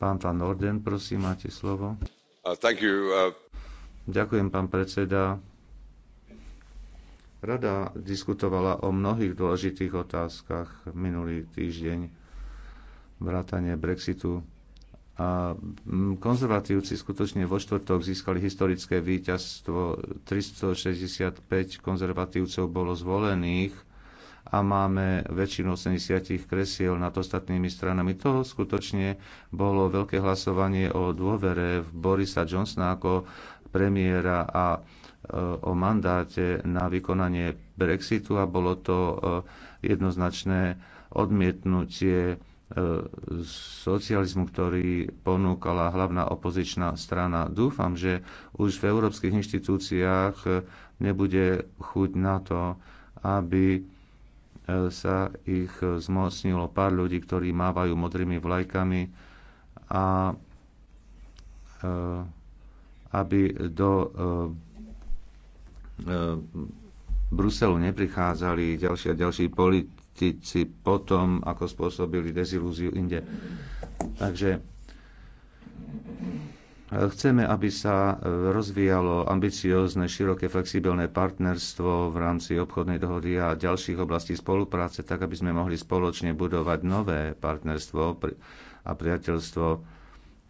Pán Van Orden, prosím, máte slovo. Uh, uh, Ďakujem, pán predseda. Rada diskutovala o mnohých dôležitých otázkach minulý týždeň vrátanie Brexitu. A mm, konzervatívci skutočne vo štvrtok získali historické víťazstvo. 365 konzervatívcov bolo zvolených a máme väčšinu 80 kresiel nad ostatnými stranami. To skutočne bolo veľké hlasovanie o dôvere v Borisa Johnsona ako premiéra a e, o mandáte na vykonanie Brexitu a bolo to e, jednoznačné odmietnutie socializmu, ktorý ponúkala hlavná opozičná strana. Dúfam, že už v európskych inštitúciách nebude chuť na to, aby e, sa ich zmocnilo pár ľudí, ktorí mávajú modrými vlajkami a e, aby do e, Bruselu neprichádzali ďalší a ďalší politi- politici potom, ako spôsobili dezilúziu inde. Takže e, chceme, aby sa e, rozvíjalo ambiciózne, široké, flexibilné partnerstvo v rámci obchodnej dohody a ďalších oblastí spolupráce, tak aby sme mohli spoločne budovať nové partnerstvo a priateľstvo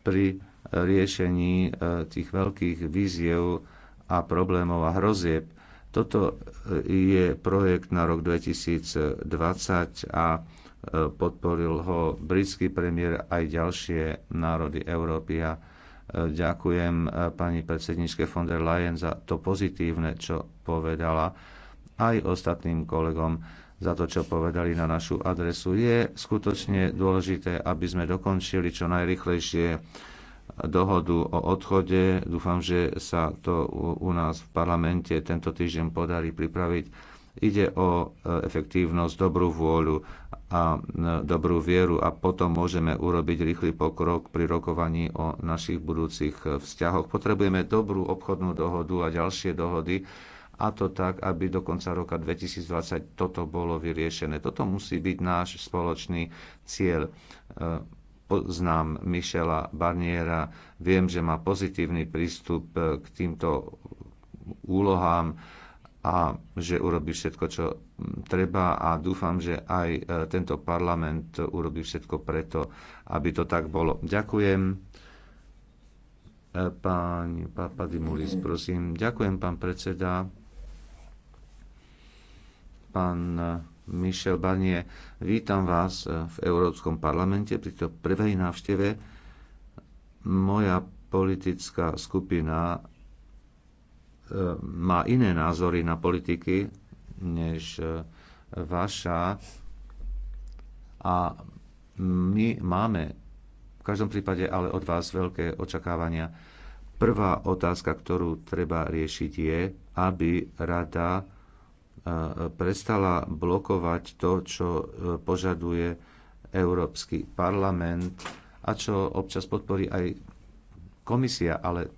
pri riešení e, tých veľkých víziev a problémov a hrozieb, toto e, je projekt na rok 2020 a e, podporil ho britský premiér aj ďalšie národy Európy. A e, ďakujem pani predsedničke von der Leyen za to pozitívne, čo povedala aj ostatným kolegom za to, čo povedali na našu adresu. Je skutočne dôležité, aby sme dokončili čo najrychlejšie dohodu o odchode. Dúfam, že sa to u nás v parlamente tento týždeň podarí pripraviť. Ide o e, efektívnosť, dobrú vôľu a e, dobrú vieru a potom môžeme urobiť rýchly pokrok pri rokovaní o našich budúcich e, vzťahoch. Potrebujeme dobrú obchodnú dohodu a ďalšie dohody a to tak, aby do konca roka 2020 toto bolo vyriešené. Toto musí byť náš spoločný cieľ poznám Michela Barniera, viem, že má pozitívny prístup eh, k týmto úlohám a že urobí všetko, čo mm, treba a dúfam, že aj eh, tento parlament urobí všetko preto, aby to tak bolo. Ďakujem. Eh, pán Papadimulis, prosím. Ďakujem, pán predseda. Pán Michel Barnier. Vítam vás eh, v Európskom parlamente pri to prvej návšteve. Moja politická skupina eh, má iné názory na politiky než eh, vaša a my máme v každom prípade ale od vás veľké očakávania. Prvá otázka, ktorú treba riešiť je, aby rada prestala blokovať to, čo e, požaduje Európsky parlament a čo občas podporí aj komisia, ale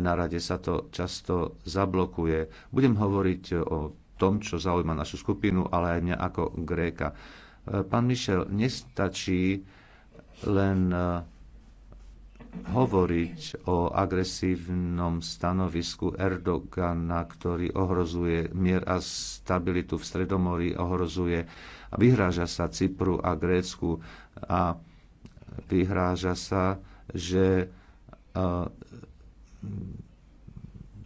na rade sa to často zablokuje. Budem hovoriť o tom, čo zaujíma našu skupinu, ale aj mňa ako Gréka. E, pán Mišel, nestačí len e, hovoriť o agresívnom stanovisku Erdogana, ktorý ohrozuje mier a stabilitu v Stredomorí, ohrozuje a vyhráža sa Cypru a Grécku a vyhráža sa, že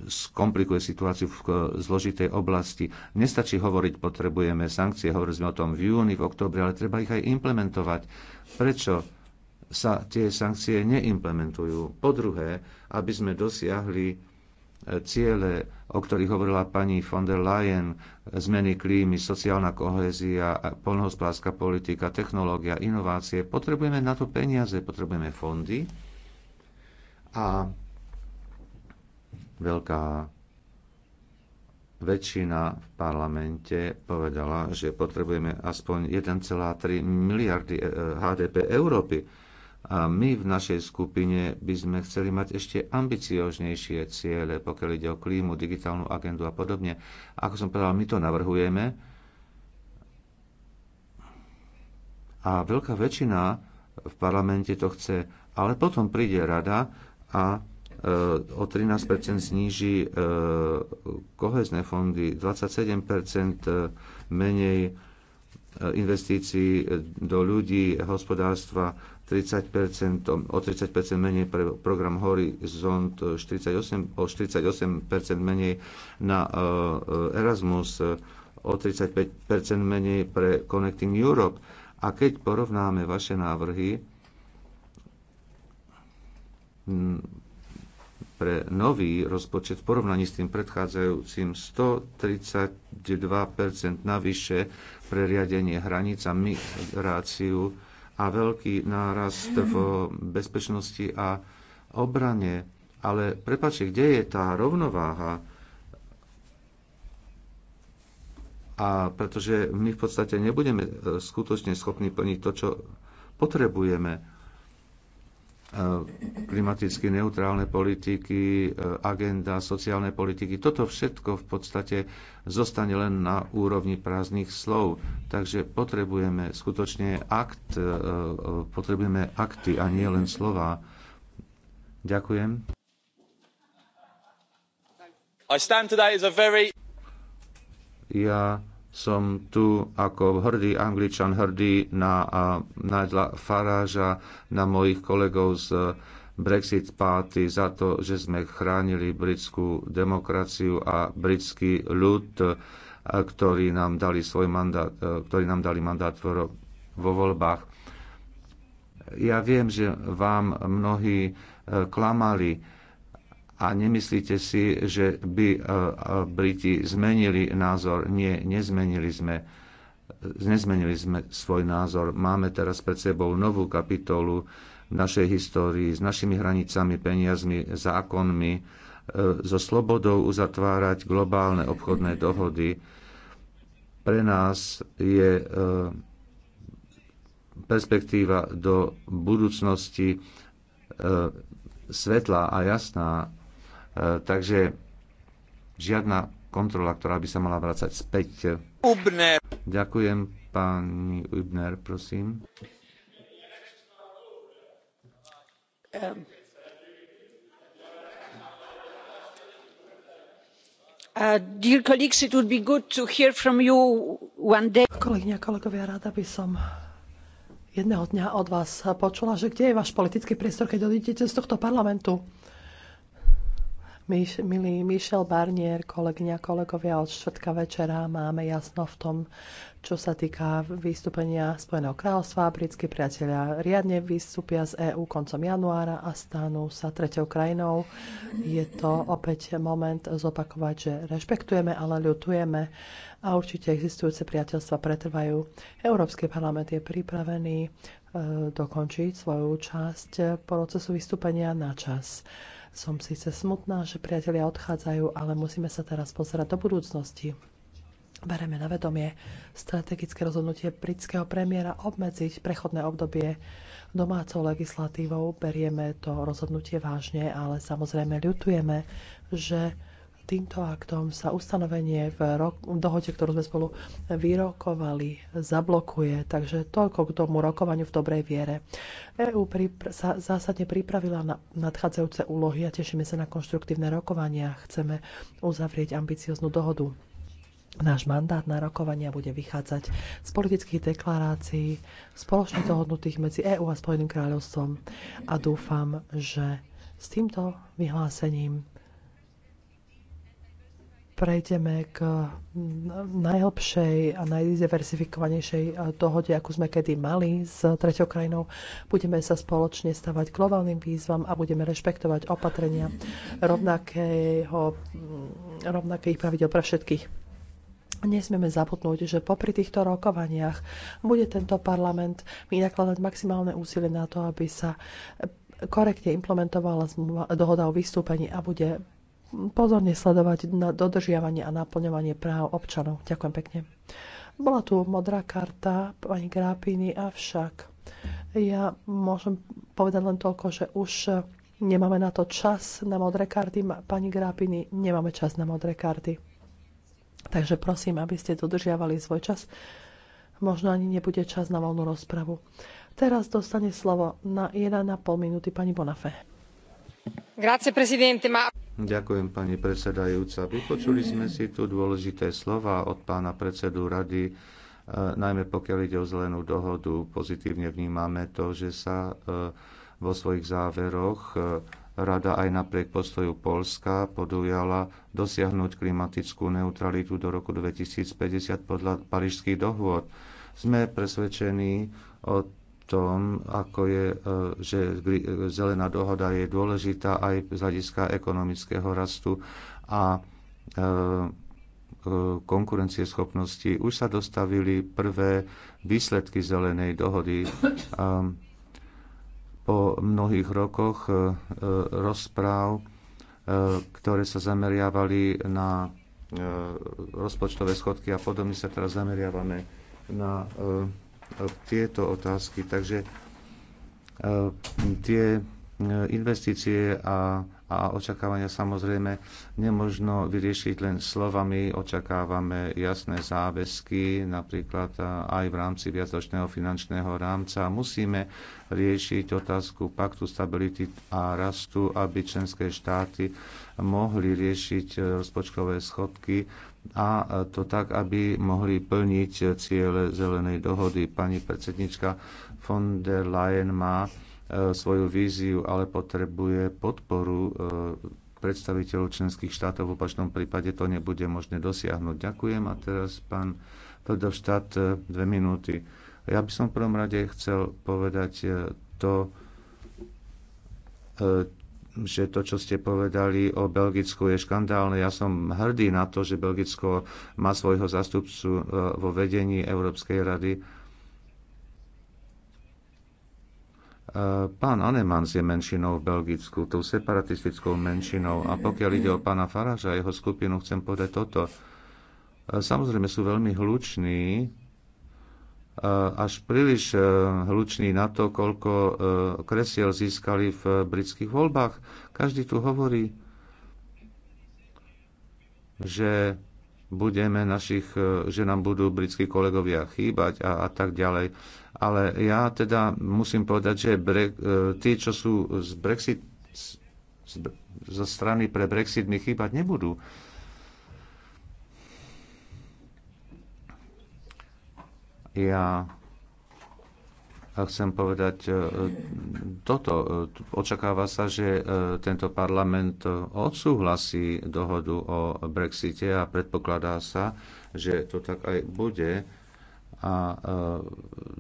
skomplikuje situáciu v e, zložitej oblasti. Nestačí hovoriť, potrebujeme sankcie, hovorili sme o tom v júni, v oktobri, ale treba ich aj implementovať. Prečo sa tie sankcie neimplementujú. Po druhé, aby sme dosiahli e, ciele, o ktorých hovorila pani von der Leyen, zmeny klímy, sociálna kohézia, polnohospodárska politika, technológia, inovácie, potrebujeme na to peniaze, potrebujeme fondy a veľká väčšina v parlamente povedala, že potrebujeme aspoň 1,3 miliardy e, e, HDP Európy a my v našej skupine by sme chceli mať ešte ambicioznejšie ciele, pokiaľ ide o klímu, digitálnu agendu a podobne. Ako som povedal, my to navrhujeme. A veľká väčšina v parlamente to chce, ale potom príde rada a e, o 13 zníži e, kohezné fondy, 27 e, menej investícií do ľudí, hospodárstva, 30 o 30 menej pre program Horizont 48, o 48 menej na e, e, Erasmus, o 35 menej pre Connecting Europe. A keď porovnáme vaše návrhy pre nový rozpočet v porovnaní s tým predchádzajúcim 132 navyše pre riadenie hranic a migráciu a veľký nárast v bezpečnosti a obrane. Ale prepáčte, kde je tá rovnováha? A pretože my v podstate nebudeme e, skutočne schopní plniť to, čo potrebujeme klimaticky neutrálne politiky, e, agenda sociálne politiky. Toto všetko v podstate zostane len na úrovni prázdnych slov. Takže potrebujeme skutočne akt, e, e, potrebujeme akty a nie len slova. Ďakujem. Ja som tu ako hrdý angličan, hrdý na Nigela Faráža, na mojich kolegov z Brexit Party za to, že sme chránili britskú demokraciu a britský ľud, ktorý nám dali svoj mandát, ktorý nám dali mandát vo voľbách. Ja viem, že vám mnohí e, klamali, a nemyslíte si, že by e, e, Briti zmenili názor? Nie, nezmenili sme. Nezmenili sme svoj názor. Máme teraz pred sebou novú kapitolu v našej histórii s našimi hranicami, peniazmi, zákonmi, e, so slobodou uzatvárať globálne obchodné dohody. Pre nás je perspektíva do budúcnosti svetlá a jasná Eh, takže žiadna kontrola, ktorá by sa mala vrácať späť. Ubner. Ďakujem, pani Ubner, prosím. Ehm. Eh, um. Kolegyňa, kolegovia, ráda by som jedného dňa od vás počula, že kde je váš politický priestor, keď odídete z tohto parlamentu. Míš, milý Michel Barnier, kolegyňa, kolegovia, od čtvrtka večera máme jasno v tom, čo sa týka vystúpenia Spojeného kráľstva. Britskí priatelia riadne vystúpia z EÚ koncom januára a stanú sa treťou krajinou. Je to opäť moment zopakovať, že rešpektujeme, ale ľutujeme a určite existujúce priateľstva pretrvajú. Európsky parlament je pripravený e, dokončiť svoju časť procesu vystúpenia na čas som síce smutná, že priatelia odchádzajú, ale musíme sa teraz pozerať do budúcnosti. Bereme na vedomie strategické rozhodnutie britského premiéra obmedziť prechodné obdobie domácou legislatívou. Berieme to rozhodnutie vážne, ale samozrejme ľutujeme, že týmto aktom sa ustanovenie v, rok, v dohode, ktorú sme spolu vyrokovali, zablokuje. Takže toľko k tomu rokovaniu v dobrej viere. EÚ pripr- sa zásadne pripravila na nadchádzajúce úlohy a tešíme sa na konštruktívne rokovania. Chceme uzavrieť ambicioznú dohodu. Náš mandát na rokovania bude vychádzať z politických deklarácií spoločne dohodnutých medzi EÚ a Spojeným kráľovstvom a dúfam, že s týmto vyhlásením prejdeme k najhlbšej a najdiverzifikovanejšej eh, dohode, akú sme kedy mali s treťou krajinou. Budeme sa spoločne stavať globálnym výzvam a budeme rešpektovať opatrenia rovnakého, mm, rovnakých pravidel pre všetkých. Nesmieme zabudnúť, že popri týchto rokovaniach bude tento parlament vynakladať maximálne úsilie na to, aby sa korektne implementovala dohoda o vystúpení a bude pozorne sledovať na dodržiavanie a naplňovanie práv občanov. Ďakujem pekne. Bola tu modrá karta pani Grápiny, avšak ja môžem povedať len toľko, že už nemáme na to čas na modré karty. Pani Grápiny, nemáme čas na modré karty. Takže prosím, aby ste dodržiavali svoj čas. Možno ani nebude čas na voľnú rozpravu. Teraz dostane slovo na 1,5 minúty pani Bonafé. Grazie, presidente. Ma... Ďakujem, pani predsedajúca. Vypočuli sme si tu dôležité slova od pána predsedu rady, e, najmä pokiaľ ide o zelenú dohodu. Pozitívne vnímame to, že sa e, vo svojich záveroch e, rada aj napriek postoju Polska podujala dosiahnuť klimatickú neutralitu do roku 2050 podľa parížských dohôd. Sme presvedčení o tom, ako je, e, že zelená dohoda je dôležitá aj z hľadiska ekonomického rastu a e, e, konkurencieschopnosti. Už sa dostavili prvé výsledky zelenej dohody. Po mnohých rokoch rozpráv, ktoré sa zameriavali na rozpočtové schodky a podobne, sa teraz zameriavame na E, tieto otázky. Takže e, tie e, investície a, a očakávania samozrejme nemožno vyriešiť len slovami. Očakávame jasné záväzky, napríklad aj v rámci viacročného finančného rámca. Musíme riešiť otázku paktu stability a rastu, aby členské štáty mohli riešiť rozpočtové schodky a to tak, aby mohli plniť ciele zelenej dohody. Pani predsednička von der Leyen má e, svoju víziu, ale potrebuje podporu e, predstaviteľov členských štátov. V opačnom prípade to nebude možné dosiahnuť. Ďakujem a teraz pán Fedoštát e, dve minúty. Ja by som v prvom rade chcel povedať to, že to, čo ste povedali o Belgicku, je škandálne. Ja som hrdý na to, že Belgicko má svojho zastupcu e, vo vedení Európskej rady. E, pán Anemans je menšinou v Belgicku, tou separatistickou menšinou. A pokiaľ ide o pána Faraža a jeho skupinu, chcem povedať toto. E, samozrejme sú veľmi hluční, Eh, až príliš eh, hlučný na to, koľko eh, kresiel získali v britských voľbách. Každý tu hovorí, že budeme našich, že nám budú britskí kolegovia chýbať a, a tak ďalej. Ale ja teda musím povedať, že bre, tí, čo sú z Brexit, z, zo strany pre Brexit, mi chýbať nebudú. Ja chcem povedať e, toto. E, očakáva sa, že e, tento parlament odsúhlasí dohodu o Brexite a predpokladá sa, že to tak aj bude a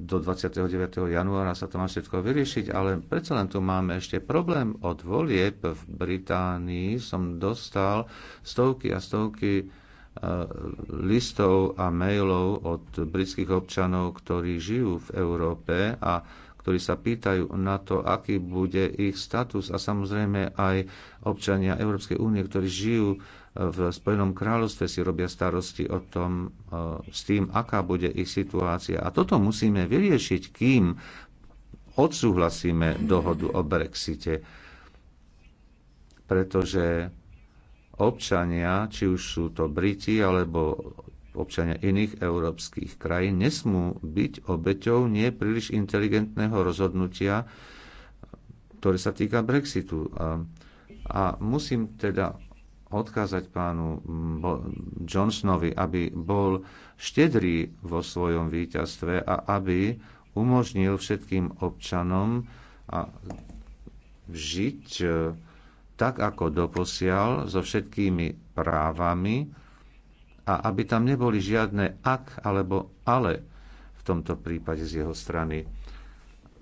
do 29. januára sa to má všetko vyriešiť, ale predsa len tu máme ešte problém od volieb v Británii. Som dostal stovky a stovky Eh, listov a mailov od britských občanov, ktorí žijú v Európe a ktorí sa pýtajú na to, aký bude ich status a samozrejme aj občania Európskej únie, ktorí žijú eh, v Spojenom kráľovstve, si robia starosti o tom, eh, s tým, aká bude ich situácia. A toto musíme vyriešiť, kým odsúhlasíme dohodu o Brexite, pretože občania, či už sú to Briti alebo občania iných európskych krajín, nesmú byť obeťou nie príliš inteligentného rozhodnutia, ktoré sa týka Brexitu. A, a musím teda odkázať pánu Johnsonovi, aby bol štedrý vo svojom víťazstve a aby umožnil všetkým občanom a žiť tak ako doposiaľ, so všetkými právami a aby tam neboli žiadne ak alebo ale v tomto prípade z jeho strany.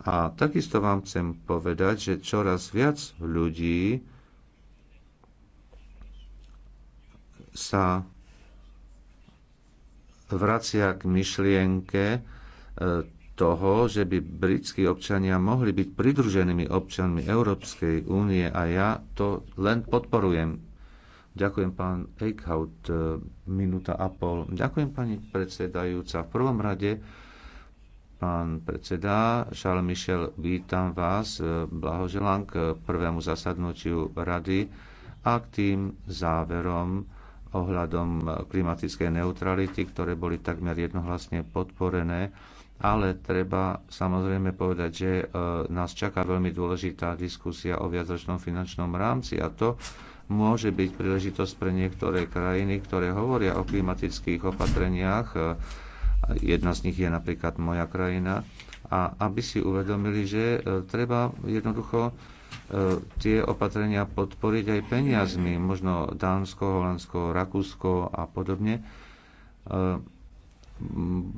A takisto vám chcem povedať, že čoraz viac ľudí sa vracia k myšlienke e, toho, že by britskí občania mohli byť pridruženými občanmi Európskej únie a ja to len podporujem. Ďakujem pán Eichhout, e, minúta a pol. Ďakujem pani predsedajúca. V prvom rade pán predseda Charles Michel, vítam vás, e, blahoželám k prvému zasadnutiu rady a k tým záverom ohľadom klimatickej neutrality, ktoré boli takmer jednohlasne podporené ale treba samozrejme povedať, že e, nás čaká veľmi dôležitá diskusia o viacročnom finančnom rámci a to môže byť príležitosť pre niektoré krajiny, ktoré hovoria o klimatických opatreniach. E, jedna z nich je napríklad moja krajina. A aby si uvedomili, že e, treba jednoducho tie opatrenia podporiť aj peniazmi, možno Dánsko, Holandsko, Rakúsko a podobne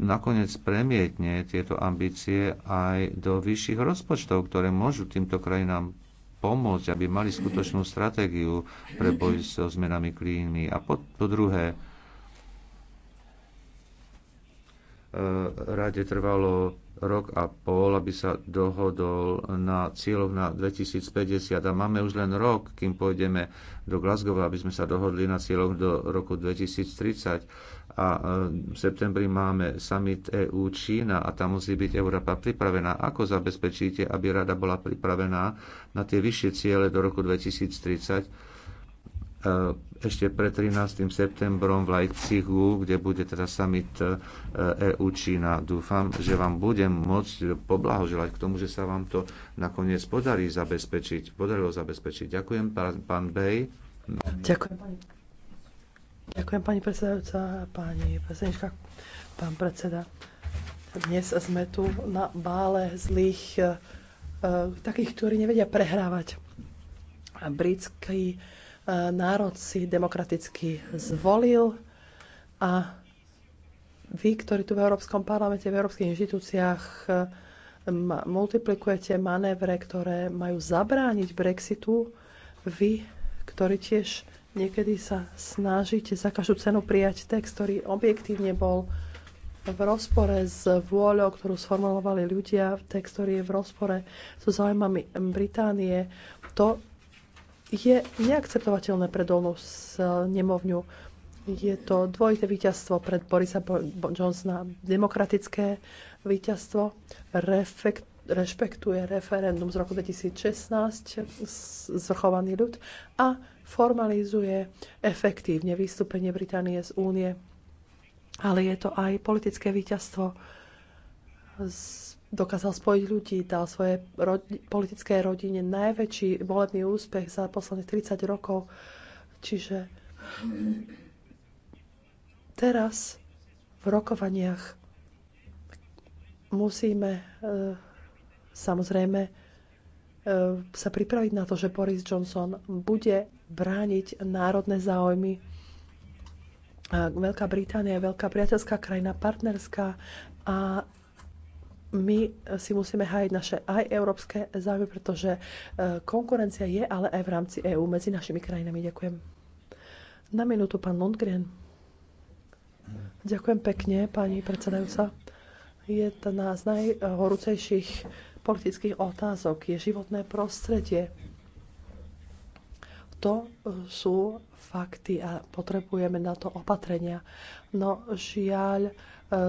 nakoniec premietne tieto ambície aj do vyšších rozpočtov, ktoré môžu týmto krajinám pomôcť, aby mali skutočnú stratégiu pre boj so zmenami klímy. A po, po druhé, e, rade trvalo rok a pol, aby sa dohodol na cieľov na 2050 a máme už len rok, kým pôjdeme do Glasgow, aby sme sa dohodli na cieľoch do roku 2030 a e, v septembri máme summit EU Čína a tam musí byť Európa pripravená. Ako zabezpečíte, aby rada bola pripravená na tie vyššie ciele do roku 2030? E, ešte pred 13. septembrom v Leipzigu, kde bude teda summit EU e Čína. Dúfam, že vám budem môcť poblahoželať k tomu, že sa vám to nakoniec podarí zabezpečiť, podarilo zabezpečiť. Ďakujem, pán, pán Bej. Ďakujem, pani. Ďakujem, pani predsedajúca, pani predsednička, pán predseda. Dnes sme tu na bále zlých, e, takých, ktorí nevedia prehrávať. britský národ si demokraticky zvolil a vy, ktorí tu v Európskom parlamente, v európskych inštitúciách multiplikujete manévre, ktoré majú zabrániť Brexitu, vy, ktorí tiež niekedy sa snažíte za každú cenu prijať text, ktorý objektívne bol v rozpore s vôľou, ktorú sformulovali ľudia, text, ktorý je v rozpore so zaujímami Británie. To je neakceptovateľné pre dolnú snemovňu. Je to dvojité víťazstvo pred Borisa Johnsona. Demokratické víťazstvo refekt, rešpektuje referendum z roku 2016 zvrchovaný ľud a formalizuje efektívne vystúpenie Británie z únie. Ale je to aj politické víťazstvo z dokázal spojiť ľudí, dal svoje rodi- politické rodine najväčší volebný úspech za posledných 30 rokov. Čiže teraz v rokovaniach musíme e, samozrejme e, sa pripraviť na to, že Boris Johnson bude brániť národné záujmy. A Veľká Británia je veľká priateľská krajina, partnerská a my eh, si musíme hájiť naše aj európske záujmy, pretože eh, konkurencia je ale aj v rámci EÚ medzi našimi krajinami. Ďakujem. Na minútu pán Lundgren. Ďakujem pekne, pani predsedajúca. Jedna z najhorúcejších politických otázok je životné prostredie. To eh, sú fakty a potrebujeme na to opatrenia. No žiaľ,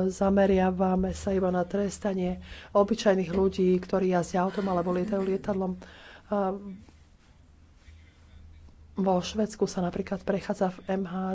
zameriavame sa iba na trestanie obyčajných ľudí, ktorí jazdia autom alebo lietajú lietadlom. Vo Švedsku sa napríklad prechádza v MH